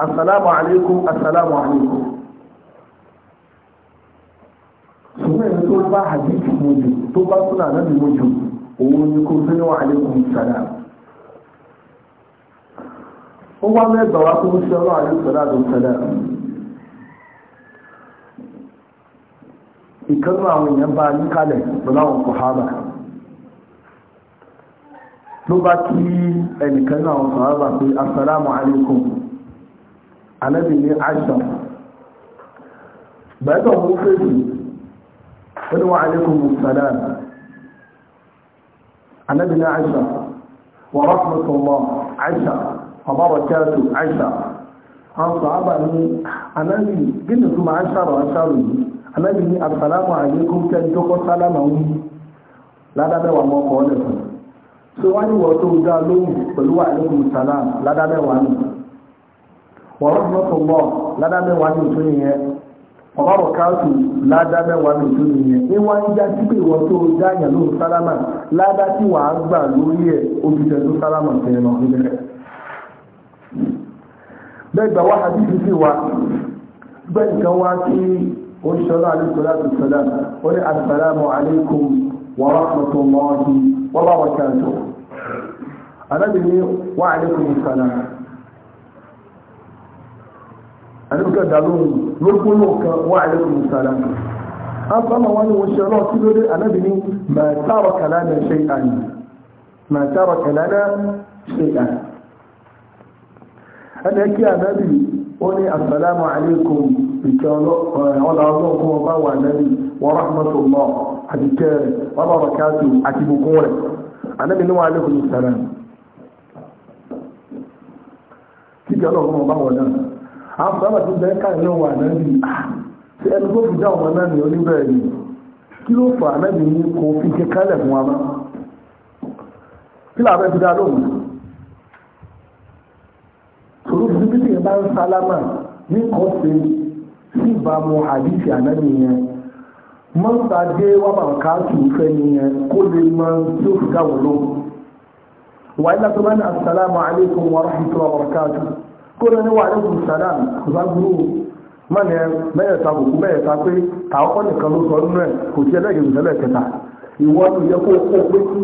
Speaker 1: assalamu alaikum assalamu alaikum ṣùgbọ́n ẹni tó bá àdìsí mojú tó bá súnà lẹ́nu mojú òun ni kò sí níwọ̀n alaikum salam ó wá mẹ́gbàá wá tó ń ṣe ọlọ́ alaikum salam ìkánú àwọn èèyàn bá ní kalẹ̀ pẹ̀lú àwọn sọ̀hábà ló bá kí ẹnìkan náà sọ̀hábà pé assalamu alaikum anábì ní aṣọ bẹ́ẹ̀tọ̀ mú fèsì ó ní wọ́n alékún mú sàdán anábì ní aṣọ wọ́n rọ́pùtù mọ́ aṣọ ọba rọ̀kẹ́tù aṣọ an sahaba ni anábì gínú tó máa ṣàrọ̀ aṣàrò yìí anábì ní asàlámù alékún kẹ́ dókọ́ sálámà wí ládàbẹ̀wà mọ́kọ̀ ọ́lẹ̀ fún so wọ́n ní wọ́n tó dá lóhùn pẹ̀lú alékún sàlám ládàbẹ̀wà nù warahmatullah ládá mẹ́wàá ní ìtún nìyẹn ọ̀báwọ̀ káàtù ládá mẹ́wàá ní ìtún nìyẹn ìwọ́n ń já sí pé ìwọ́n tó dáyà ló ń sálámà ládá tí wàá gbà lórí ẹ̀ tó sálámà fẹ́ lọ bẹ́ẹ̀ gbà wá sí wa bẹ́ẹ̀ nǹkan wá sí oṣìṣọ́lá àdìsọ́lá tó sọ́lá ó ní assalamu alaikum warahmatullahi wabarakatuh alábìnrin àdúgbò dàlóhùn lókúnlò kan wà àdúgbò sàlá an fama wọn ni wọn ṣe ọlọ́ kí ló dé anábì ní máa tábà kàlánà ṣe àní máa tábà kàlánà ṣe àní ẹni kí anábì ó ní asàlámù alaykum ìkẹ́ ọlọ́ọ̀kún eh, ọba wà nábì wọ́n rahmatullah àti kẹrẹ wọ́n bàkátù àti bùkún rẹ̀ anábì ní wọn alaykum sàlám kíkẹ́ ọlọ́ọ̀kún ọba wà náà àwọn sábà tó bẹ́ẹ̀ káyọ̀ náà wà náà bí ẹni tó fi dá wọn náà ní oníbẹ̀rẹ̀ ni kí ló fà náà bí ní kò fi ṣe kálẹ̀ fún wa má kí làwọn ẹbí dá lóhùn tòró fi bí lè bá ń sálámà ní kò ṣe sí ìbámu àdìsí ànábì yẹn mọ́tàdé wàbàkátù fẹ́ nìyẹn kó lè máa tí ó fi dá wọn lóhùn kóra ní wà ní sàdán ìbágbúrú mọ́ni mẹ́ẹ̀ta bùkú mẹ́ẹ̀ta pé tàọ́kọ́ nìkan ló sọ nínú ẹ̀ kò sí ẹlẹ́gẹ̀ ìṣẹ̀lẹ̀ kẹta ìwọ ni yẹ kó kó pé kí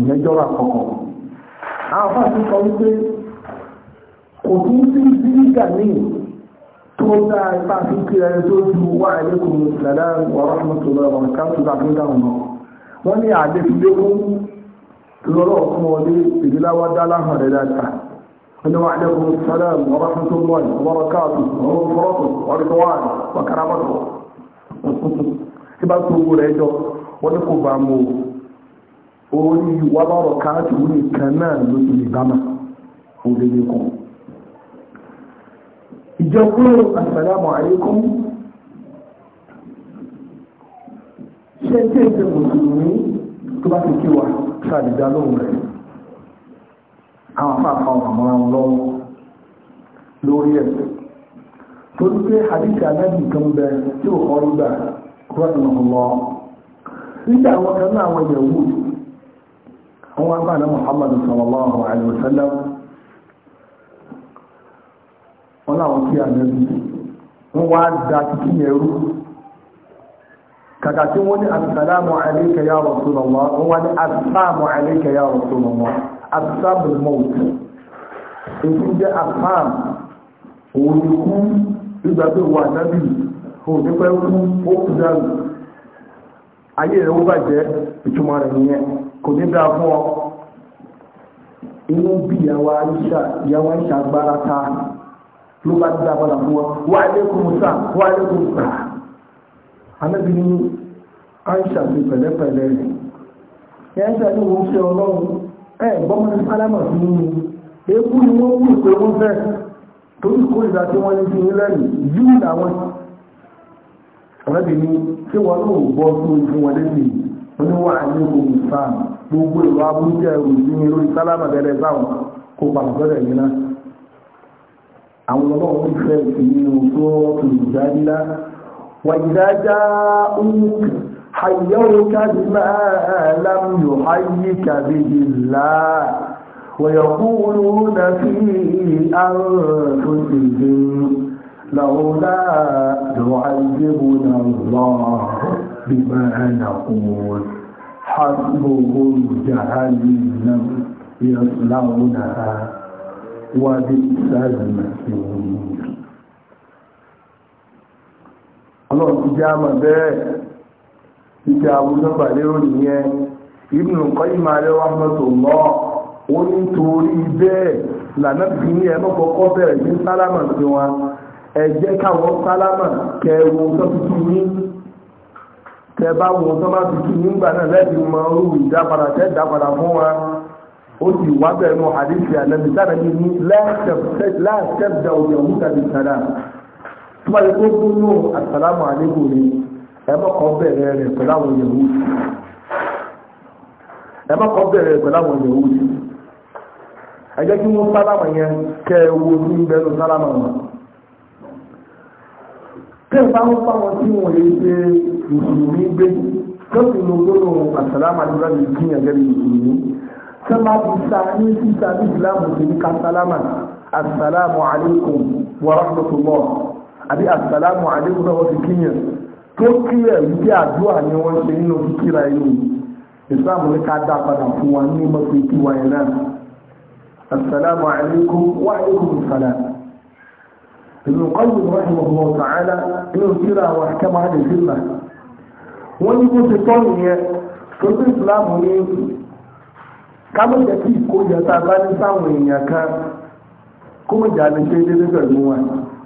Speaker 1: ìyẹn jọra kọ̀kọ̀ àwọn bá ti sọ wípé kò tún sí bíríkà ní tó dáa ipá sí kí ẹni tó ju wà ní sàdán wà rọ́ọ̀mù tó lọ́wọ́ káàtó dáa fún dáhùn náà wọ́n ní àdéfilé fún lọ́rọ̀ ọkụ ọ ní ìdíláwà dáláhàn rẹ̀ dáadáa wani wa alaikum salam wa rahmatullahi wa barakatuh wa rahmatullahi wa ridwan wa karamatu tí bá tó bá ti kí wa ṣàdìdá lóhùn rẹ̀ àwọn afáàfà ọ̀rọ̀ lọ́wọ́ lórí ẹ̀ tó pé àdíkà aláàbì kan bẹ tí ó kọ́ nígbà rọ́nàmọ́ nígbà àwọn kan náà wọ́n yẹ̀wò àwọn Muhammadu sallallahu alaihi wasallam wọn láwọn kí wá da kàkà tí wọ́n ní asàlámù alayka ya Rasulullah wọ́n ní asàmù alayka ya Rasulullah asàmù mọ́t èyí jẹ́ asàm òun ni kú ìgbà tó wà nábì òun ní pẹ́ kú ó kú dárò ayé rẹ̀ ó bàjẹ́ ìtumọ̀ rẹ̀ nìyẹn kò ní dáa fún ọ inú bí ìyàwó aisha ta ló bá anábì ní aisha ti pẹ̀lẹ́pẹ̀lẹ́ rẹ̀ ní aisha ní wọ́n fẹ́ ọlọ́run ẹ̀ gbọ́mọ ní sálámà sí nínú ewu ni wọ́n wù pé wọ́n fẹ́ torí kó ìdá tí wọ́n ní sí ilẹ̀ yìí làwọn anábì ní tí wọ́n ló gbọ́ tó fún wọn lẹ́sìn wọ́n ní wà ní omi sáà gbogbo ìwà abúlé ẹrù sí ní lórí sálámà bẹ̀rẹ̀ sáwọn kó pàmòsọ́dẹ̀ yìí náà àwọn ọlọ́run fẹ́ ìsinmi oṣù tó ìjáde lára وإذا جاءوك حيوك بما لم يحيك به الله ويقولون في أنفسهم لولا يعذبنا الله بما نقول حسبهم جهنم يصلونها وبئس المصير ọlọ́run ti já mọ̀ bẹ́ẹ̀ títí àwùjọ gbàlérò nìyẹn Ibn Qayyim rahmatullah ó ní torí bẹ́ẹ̀ lànà bí ní ẹ̀ lọ́kọ̀ọ́kọ́ bẹ̀rẹ̀ sí sálámà sí wọn ẹ jẹ́ káwọn sálámà kẹwọ́n tó tuntun yín tẹ bá wọn tó bá fi kí nígbà náà lẹ́bi mọ orú ìdápadà tẹ́ dápadà fún wa ó sì wá bẹ̀rẹ̀ mọ́ àdéhùn àlẹ́ mi sára yìí ní láàṣẹ́ dà òyìnbó tàbí sára tó bá yẹ kó gbóná àsàlámù àlékún ni ẹ má kọ́ bẹ̀rẹ̀ rẹ̀ pẹ̀lú àwọn yahoo ẹ má kọ́ bẹ̀rẹ̀ rẹ̀ pẹ̀lú àwọn yahoo ẹ jẹ́ kí wọ́n sálámù yẹn kẹ́ ẹ wo ní bẹ́ẹ̀ lọ sálámù wọn tẹ́ẹ̀ bá ń fáwọn tí wọ́n lè ṣe mùsùlùmí gbé lọ́sì ló gbọ́dọ̀ àsàlámàdúrà lè dín ẹ̀gẹ́ lè mùsùlùmí sábà bí sa ní sísá bí ìsìlámù sí ní kásálámà àsàlámù alaykum wa rahmatullah àbí àsàlámù àlékún náà wọ́n fi kíyàn tó kí ẹ̀ wípé àdúrà ni wọ́n ṣe nínú kíkíra inú ìsáàmù ní ká dá padà fún wa ní mọ́tò ìkí wa yẹn náà àsàlámù àlékún wà àlékún sàlá ìlú kọ́lù rahimahullah ta'ala inú kíra wa kẹ́mà á lè fìlà wọ́n ní kó ti tọ́ nìyẹn tó sí ìsìláàmù ní kámọ́jẹ́ kí ìkójọ tá a bá ní sáwọn èèyàn kan kó mọ̀jà lè ṣe déédéé pẹ̀lú wọn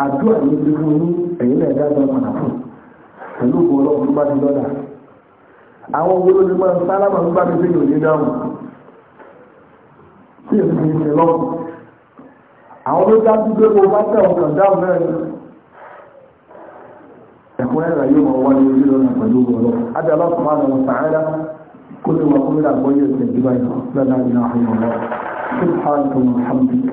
Speaker 1: àdúrà ní ti fún ní ẹ̀yìn náà dáadáa padà fún pẹ̀lú òkú tó bá ti lọ́dà àwọn owó ní máa sálámà ń bá mi ìròyìn dáhùn tí ṣe àwọn ló dájú pé mo bá tẹ̀ dáhùn náà ni ẹ̀kọ́ ẹ̀rọ yóò máa orí lọ́nà pẹ̀lú